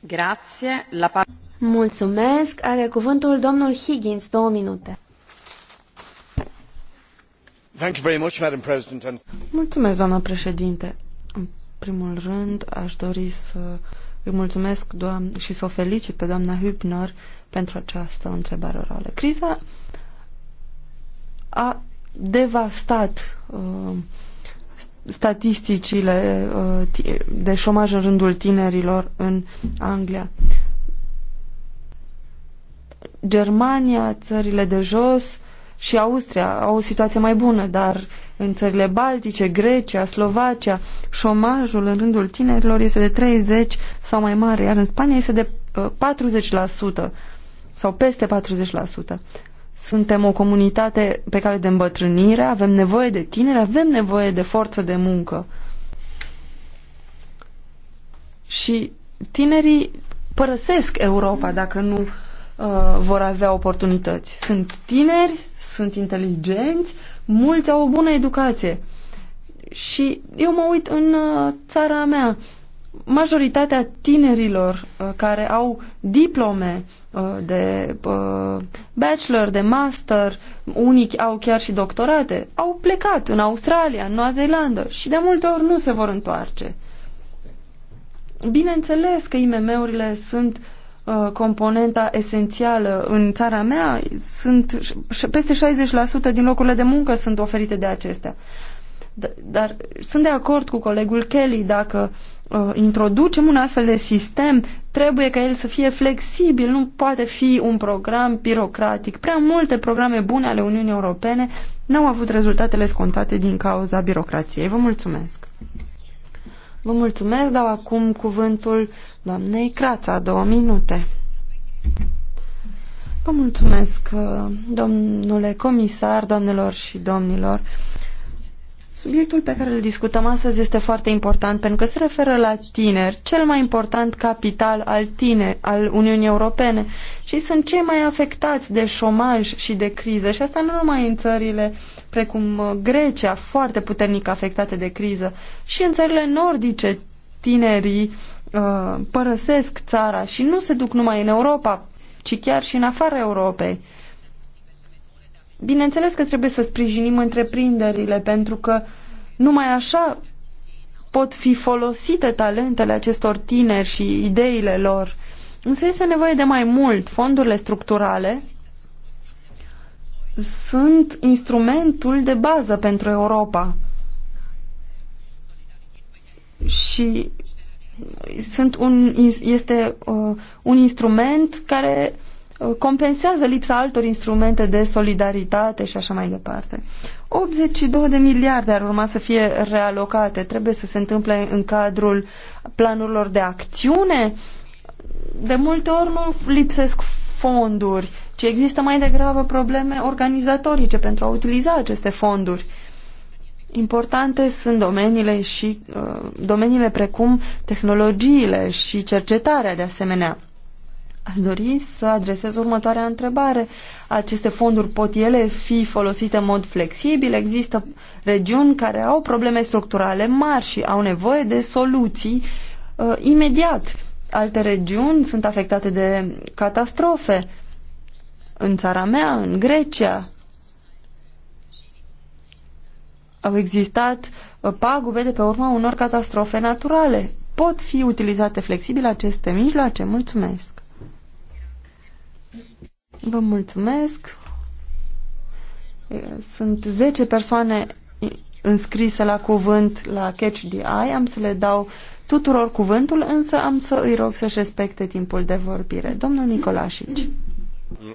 Grazie. La... Mulțumesc. Are cuvântul domnul Higgins, două minute. Thank you very much, Madam President. Mulțumesc, doamna președinte. În primul rând, aș dori să îi mulțumesc doam- și să o felicit pe doamna Hübner pentru această întrebare orală. Criza a devastat uh, statisticile uh, de șomaj în rândul tinerilor în Anglia. Germania, țările de jos și Austria au o situație mai bună, dar în țările Baltice, Grecia, Slovacia, șomajul în rândul tinerilor este de 30 sau mai mare, iar în Spania este de 40% uh, sau peste 40%. Suntem o comunitate pe care de îmbătrânire, avem nevoie de tineri, avem nevoie de forță de muncă. Și tinerii părăsesc Europa dacă nu uh, vor avea oportunități. Sunt tineri, sunt inteligenți, mulți au o bună educație. Și eu mă uit în uh, țara mea. Majoritatea tinerilor uh, care au diplome Uh, de uh, bachelor, de master, unii au chiar și doctorate, au plecat în Australia, în Noua Zeelandă și de multe ori nu se vor întoarce. Bineînțeles că IMM-urile sunt uh, componenta esențială în țara mea, sunt peste 60% din locurile de muncă sunt oferite de acestea. Dar, sunt de acord cu colegul Kelly, dacă introducem un astfel de sistem trebuie ca el să fie flexibil, nu poate fi un program birocratic. Prea multe programe bune ale Uniunii Europene n-au avut rezultatele scontate din cauza birocrației. Vă mulțumesc! Vă mulțumesc, dau acum cuvântul doamnei Crața, două minute. Vă mulțumesc, domnule comisar, doamnelor și domnilor. Subiectul pe care îl discutăm astăzi este foarte important pentru că se referă la tineri, cel mai important capital al tine, al Uniunii Europene și sunt cei mai afectați de șomaj și de criză și asta nu numai în țările precum uh, Grecia, foarte puternic afectate de criză, și în țările nordice tinerii uh, părăsesc țara și nu se duc numai în Europa, ci chiar și în afara Europei. Bineînțeles că trebuie să sprijinim întreprinderile, pentru că numai așa pot fi folosite talentele acestor tineri și ideile lor. Însă este nevoie de mai mult. Fondurile structurale sunt instrumentul de bază pentru Europa. Și sunt un, este uh, un instrument care compensează lipsa altor instrumente de solidaritate și așa mai departe. 82 de miliarde ar urma să fie realocate. Trebuie să se întâmple în cadrul planurilor de acțiune. De multe ori nu lipsesc fonduri, ci există mai degrabă probleme organizatorice pentru a utiliza aceste fonduri. Importante sunt domeniile și uh, domeniile precum tehnologiile și cercetarea de asemenea Aș dori să adresez următoarea întrebare. Aceste fonduri pot ele fi folosite în mod flexibil? Există regiuni care au probleme structurale mari și au nevoie de soluții uh, imediat. Alte regiuni sunt afectate de catastrofe. În țara mea, în Grecia, au existat uh, pagube de pe urma unor catastrofe naturale. Pot fi utilizate flexibil aceste mijloace? Mulțumesc! Vă mulțumesc. Sunt 10 persoane înscrise la cuvânt la Catch the Eye. Am să le dau tuturor cuvântul, însă am să îi rog să-și respecte timpul de vorbire. Domnul Nicolașici.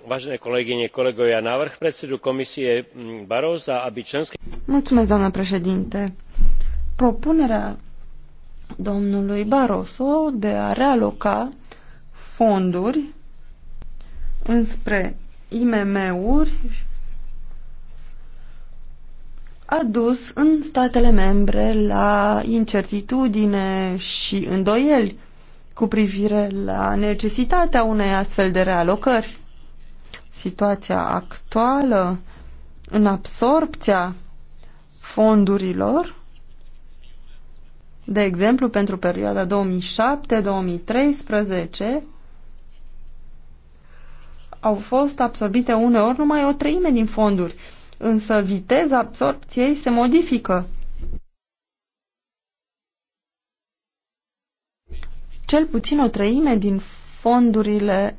Vážené kolegyne, kolegovia, návrh predsedu komisie Baroza, aby členské... Mulțumesc, doamnă președinte. Propunerea domnului Baroso de a realoca fonduri înspre IMM-uri a dus în statele membre la incertitudine și îndoieli cu privire la necesitatea unei astfel de realocări. Situația actuală în absorpția fondurilor, de exemplu pentru perioada 2007-2013, au fost absorbite uneori numai o treime din fonduri, însă viteza absorpției se modifică. Cel puțin o treime din fondurile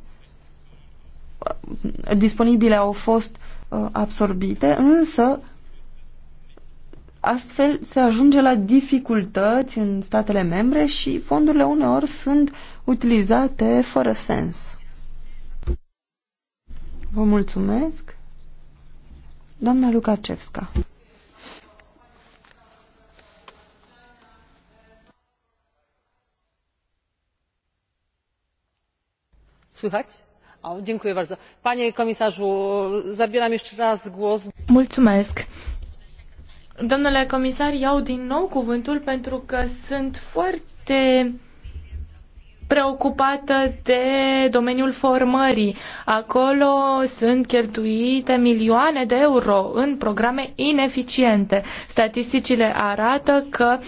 uh, disponibile au fost uh, absorbite, însă astfel se ajunge la dificultăți în statele membre și fondurile uneori sunt utilizate fără sens. Vă mulțumesc. Doamna Lukacevska. Słychać? O, dziękuję bardzo. Panie komisarzu, zabieram jeszcze raz głos. Mulțumesc. Domnule comisar, iau din nou cuvântul pentru că sunt foarte preocupată de domeniul formării. Acolo sunt cheltuite milioane de euro în programe ineficiente. Statisticile arată că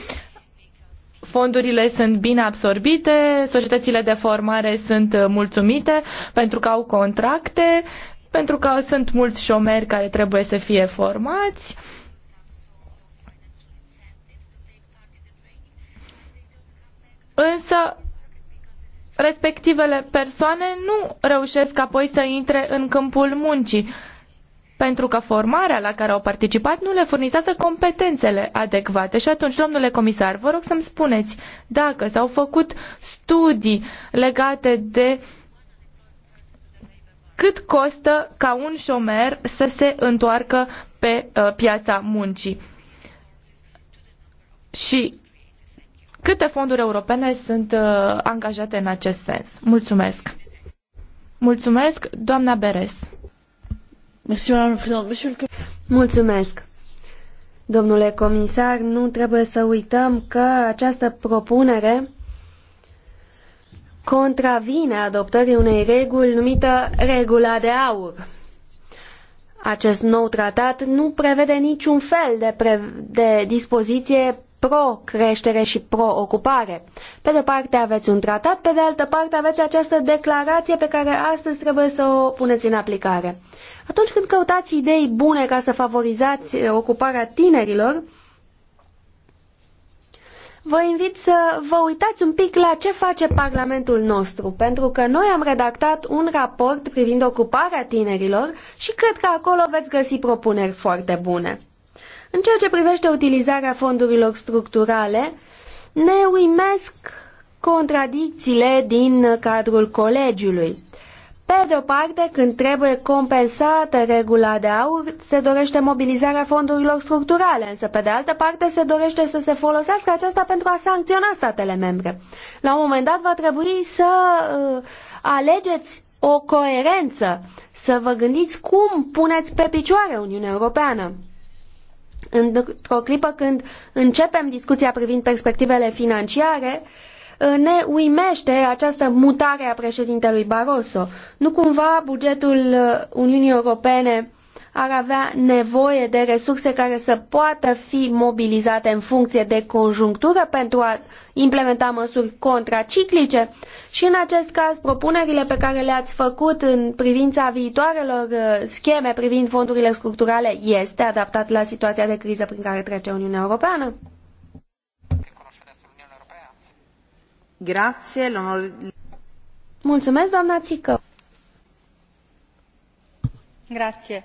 fondurile sunt bine absorbite, societățile de formare sunt mulțumite pentru că au contracte, pentru că sunt mulți șomeri care trebuie să fie formați. Însă respectivele persoane nu reușesc apoi să intre în câmpul muncii, pentru că formarea la care au participat nu le furnizează competențele adecvate. Și atunci, domnule comisar, vă rog să-mi spuneți dacă s-au făcut studii legate de cât costă ca un șomer să se întoarcă pe uh, piața muncii. Și Câte fonduri europene sunt uh, angajate în acest sens? Mulțumesc! Mulțumesc, doamna Beres! Mulțumesc! Domnule comisar, nu trebuie să uităm că această propunere contravine adoptării unei reguli numită regula de aur. Acest nou tratat nu prevede niciun fel de, pre... de dispoziție pro-creștere și pro-ocupare. Pe de o parte aveți un tratat, pe de altă parte aveți această declarație pe care astăzi trebuie să o puneți în aplicare. Atunci când căutați idei bune ca să favorizați eh, ocuparea tinerilor, vă invit să vă uitați un pic la ce face Parlamentul nostru, pentru că noi am redactat un raport privind ocuparea tinerilor și cred că acolo veți găsi propuneri foarte bune. În ceea ce privește utilizarea fondurilor structurale, ne uimesc contradicțiile din cadrul colegiului. Pe de o parte, când trebuie compensată regula de aur, se dorește mobilizarea fondurilor structurale, însă pe de altă parte se dorește să se folosească aceasta pentru a sancționa statele membre. La un moment dat va trebui să uh, alegeți o coerență, să vă gândiți cum puneți pe picioare Uniunea Europeană. Într-o clipă când începem discuția privind perspectivele financiare, ă, ne uimește această mutare a președintelui Barroso. Nu cumva bugetul ă, Uniunii Europene ar avea nevoie de resurse care să poată fi mobilizate în funcție de conjunctură pentru a implementa măsuri contraciclice și în acest caz propunerile pe care le-ați făcut în privința viitoarelor uh, scheme privind fondurile structurale este adaptat la situația de criză prin care trece Uniunea Europeană? Grazie, Mulțumesc, doamna Țică. Grazie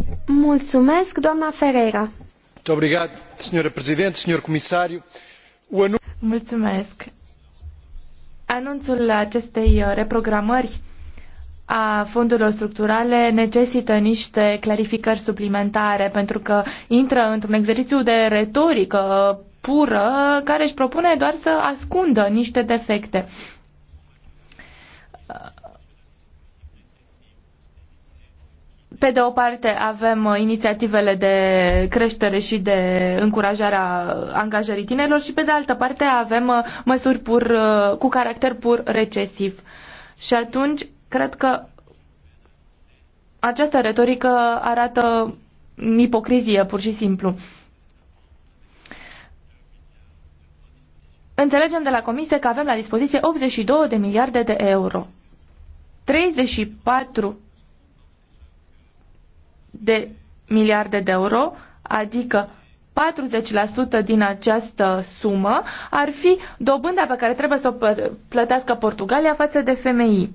Mulțumesc, doamna Ferreira. Mulțumesc. Anunțul acestei uh, reprogramări a fondurilor structurale necesită niște clarificări suplimentare pentru că intră într-un exercițiu de retorică pură care își propune doar să ascundă niște defecte Pe de o parte avem uh, inițiativele de creștere și de încurajare a angajării tinerilor și pe de altă parte avem uh, măsuri pur, uh, cu caracter pur recesiv. Și atunci, cred că această retorică arată ipocrizie, pur și simplu. Înțelegem de la Comisie că avem la dispoziție 82 de miliarde de euro. 34 de miliarde de euro, adică 40% din această sumă ar fi dobânda pe care trebuie să o plătească Portugalia față de FMI.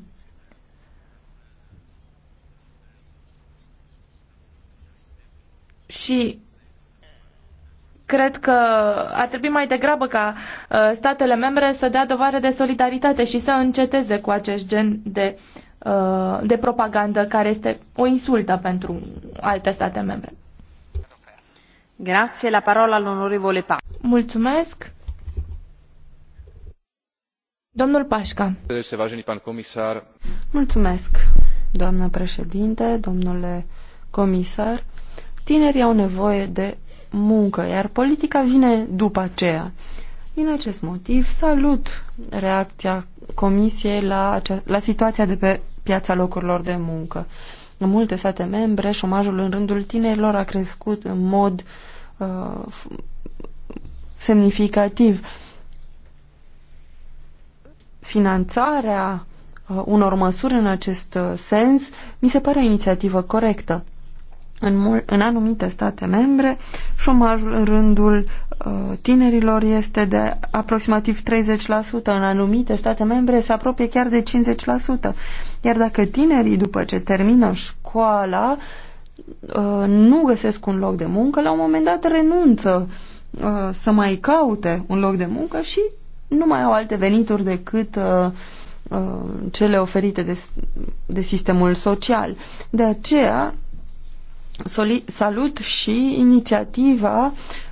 Și cred că ar trebui mai degrabă ca uh, statele membre să dea dovadă de solidaritate și să înceteze cu acest gen de uh, Uh, de propagandă care este o insultă pentru alte state membre. Grazie, la parola all'onorevole Pa. Mulțumesc. Domnul Pașca. Mulțumesc, doamnă președinte, domnule comisar. Tinerii au nevoie de muncă, iar politica vine după aceea. Din acest motiv, salut reacția Comisiei la, acea, la situația de pe piața locurilor de muncă. În multe state membre, șomajul în rândul tinerilor a crescut în mod uh, semnificativ. Finanțarea uh, unor măsuri în acest uh, sens mi se pare o inițiativă corectă. În, în anumite state membre, șomajul în rândul uh, tinerilor este de aproximativ 30%, în anumite state membre se apropie chiar de 50%. Iar dacă tinerii, după ce termină școala, uh, nu găsesc un loc de muncă, la un moment dat renunță uh, să mai caute un loc de muncă și nu mai au alte venituri decât uh, cele oferite de, de sistemul social. De aceea salut și inițiativa uh,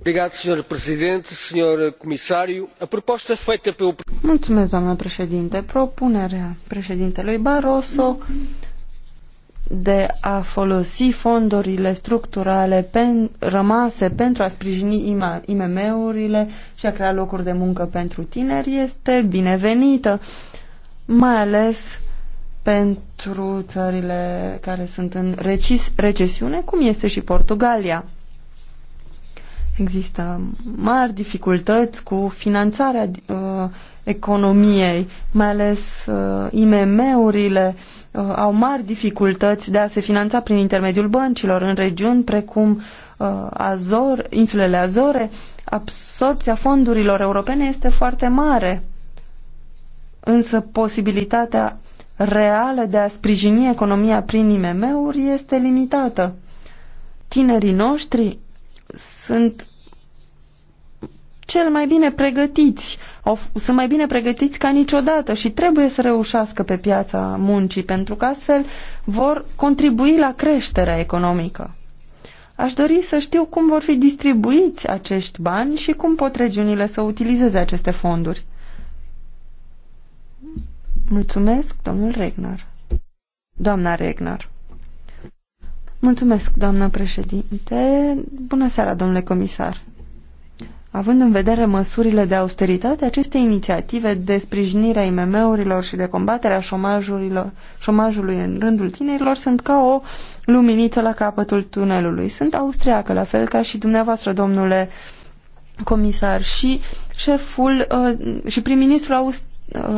a Propunerea președintelui Barroso de a folosi fondurile structurale rămase pentru a sprijini IMM-urile și a crea locuri de muncă pentru tineri este binevenită, mai ales pentru țările care sunt în recis, recesiune, cum este și Portugalia. Există mari dificultăți cu finanțarea uh, economiei, mai ales uh, IMM-urile uh, au mari dificultăți de a se finanța prin intermediul băncilor în regiuni precum uh, Azor, insulele Azore. Absorpția fondurilor europene este foarte mare, însă posibilitatea reală de a sprijini economia prin IMM-uri este limitată. Tinerii noștri sunt cel mai bine pregătiți, au, sunt mai bine pregătiți ca niciodată și trebuie să reușească pe piața muncii, pentru că astfel vor contribui la creșterea economică. Aș dori să știu cum vor fi distribuiți acești bani și cum pot regiunile să utilizeze aceste fonduri. Mulțumesc, domnul Regnar. Doamna Regnar. Mulțumesc, doamnă președinte. Bună seara, domnule comisar. Având în vedere măsurile de austeritate, aceste inițiative de sprijinire a IMM-urilor și de combatere a șomajului în rândul tinerilor sunt ca o luminiță la capătul tunelului. Sunt austriacă, la fel ca și dumneavoastră, domnule comisar, și șeful uh, și prim-ministrul uh,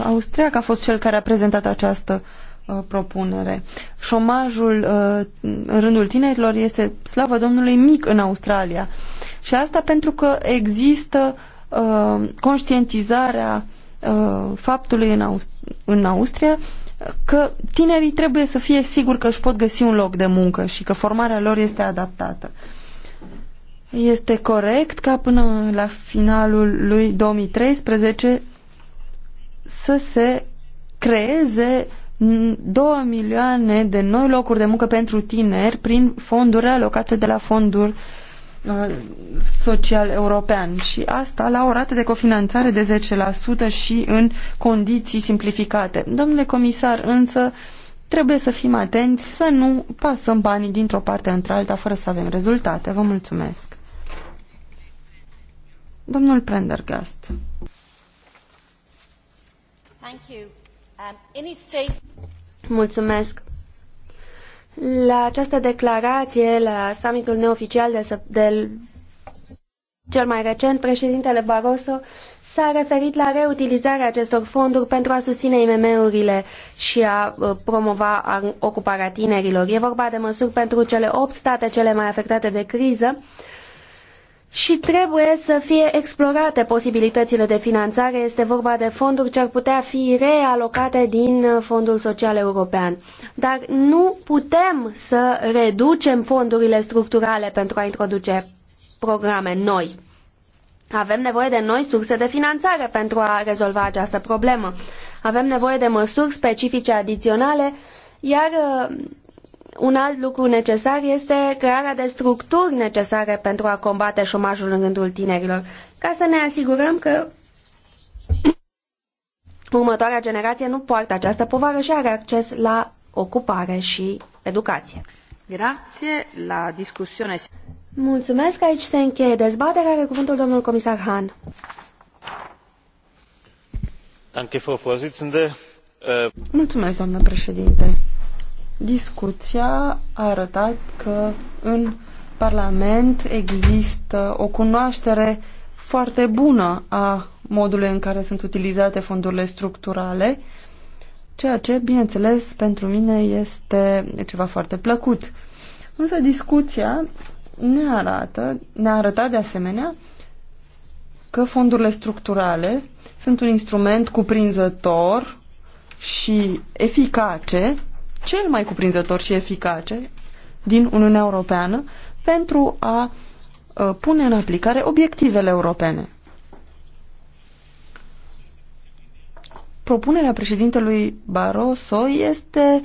austriac a fost cel care a prezentat această uh, Uh, propunere. Șomajul uh, în rândul tinerilor este, slavă Domnului, mic în Australia. Și asta pentru că există uh, conștientizarea faptului în, Aust în Austria că tinerii trebuie să fie siguri că își pot găsi un loc de muncă și că formarea lor este adaptată. Este corect ca până la finalul lui 2013 să se creeze 2 milioane de noi locuri de muncă pentru tineri prin fonduri alocate de la fonduri uh, social european și asta la o rată de cofinanțare de 10% și în condiții simplificate. Domnule comisar, însă trebuie să fim atenți să nu pasăm banii dintr-o parte într-alta fără să avem rezultate. Vă mulțumesc. Domnul Prendergast. Thank you. Um, Mulțumesc. La această declarație, la summitul neoficial de, de cel mai recent, președintele Barroso s-a referit la reutilizarea acestor fonduri pentru a susține IMM-urile și a uh, promova ocuparea tinerilor. E vorba de măsuri pentru cele opt state cele mai afectate de criză, și trebuie să fie explorate posibilitățile de finanțare. Este vorba de fonduri ce ar putea fi realocate din Fondul Social European. Dar nu putem să reducem fondurile structurale pentru a introduce programe noi. Avem nevoie de noi surse de finanțare pentru a rezolva această problemă. Avem nevoie de măsuri specifice adiționale, iar un alt lucru necesar este crearea de structuri necesare pentru a combate șomajul în rândul tinerilor, ca să ne asigurăm că următoarea generație nu poartă această povară și are acces la ocupare și educație. Grație la discuțiune. Mulțumesc, aici se încheie dezbaterea. Are cuvântul domnul comisar Hahn. Äh, Mulțumesc, doamnă președinte. Discuția a arătat că în Parlament există o cunoaștere foarte bună a modului în care sunt utilizate fondurile structurale, ceea ce, bineînțeles, pentru mine este ceva foarte plăcut. Însă discuția ne arată, ne-a arătat de asemenea că fondurile structurale sunt un instrument cuprinzător și eficace cel mai cuprinzător și eficace din Uniunea Europeană pentru a uh, pune în aplicare obiectivele europene. Propunerea președintelui Barroso este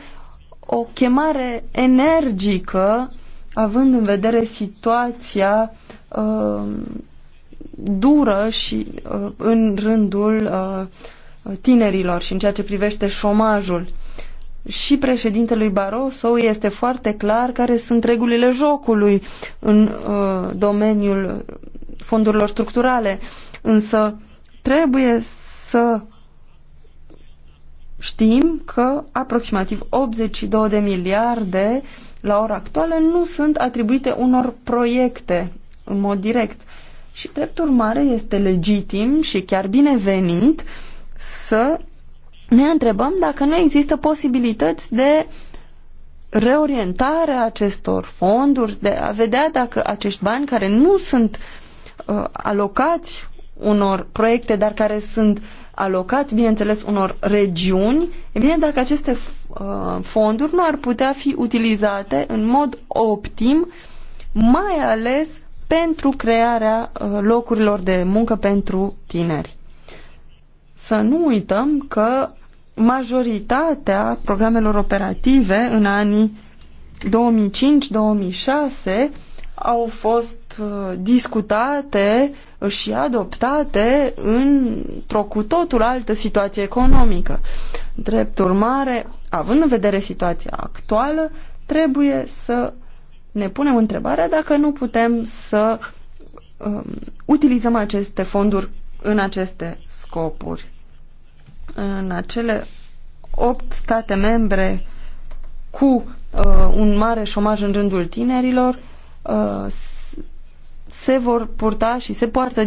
o chemare energică având în vedere situația uh, dură și uh, în rândul uh, tinerilor și în ceea ce privește șomajul și președintelui Barroso este foarte clar care sunt regulile jocului în uh, domeniul fondurilor structurale, însă trebuie să știm că aproximativ 82 de miliarde la ora actuală nu sunt atribuite unor proiecte în mod direct. Și drept urmare este legitim și chiar binevenit să ne întrebăm dacă nu există posibilități de reorientare a acestor fonduri, de a vedea dacă acești bani care nu sunt uh, alocați unor proiecte, dar care sunt alocați, bineînțeles, unor regiuni, e bine dacă aceste uh, fonduri nu ar putea fi utilizate în mod optim, mai ales pentru crearea uh, locurilor de muncă pentru tineri. Să nu uităm că majoritatea programelor operative în anii 2005-2006 au fost uh, discutate și adoptate într-o cu totul altă situație economică. Drept urmare, având în vedere situația actuală, trebuie să ne punem întrebarea dacă nu putem să um, utilizăm aceste fonduri în aceste scopuri în acele opt state membre cu uh, un mare șomaj în rândul tinerilor uh, se vor purta și se, poartă,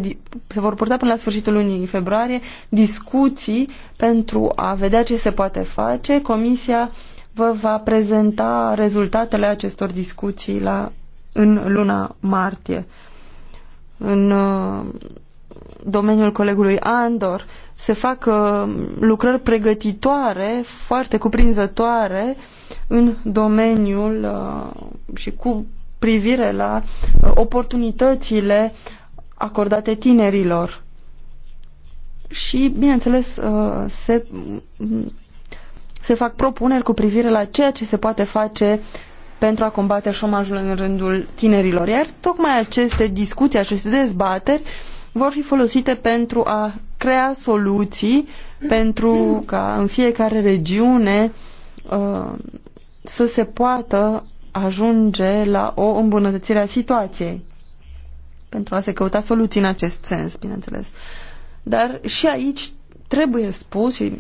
se vor purta până la sfârșitul lunii februarie discuții pentru a vedea ce se poate face. Comisia vă va prezenta rezultatele acestor discuții la, în luna martie. În uh, domeniul colegului Andor. Se fac uh, lucrări pregătitoare, foarte cuprinzătoare în domeniul uh, și cu privire la uh, oportunitățile acordate tinerilor. Și, bineînțeles, uh, se, se fac propuneri cu privire la ceea ce se poate face pentru a combate șomajul în rândul tinerilor. Iar tocmai aceste discuții, aceste dezbateri uh, vor fi folosite pentru a crea soluții pentru ca în fiecare regiune uh, să se poată ajunge la o îmbunătățire a situației pentru a se căuta soluții în acest sens, bineînțeles. Dar și aici trebuie spus și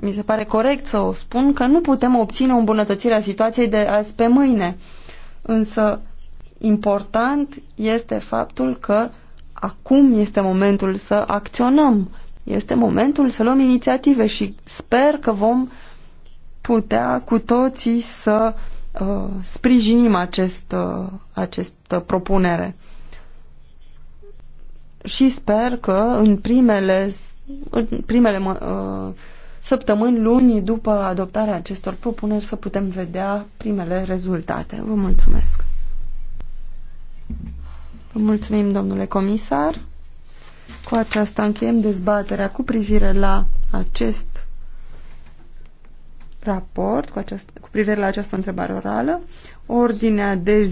mi se pare corect să o spun că nu putem obține o îmbunătățire a situației de azi pe mâine. Însă important este faptul că acum este momentul să acționăm, este momentul să luăm inițiative și sper că vom putea cu toții să uh, sprijinim acest, uh, această propunere. Și sper că în primele, în primele uh, săptămâni, luni după adoptarea acestor propuneri să putem vedea primele rezultate. Vă mulțumesc! Vă mulțumim, domnule comisar. Cu aceasta încheiem dezbaterea cu privire la acest raport, cu, această, cu privire la această întrebare orală. Ordinea de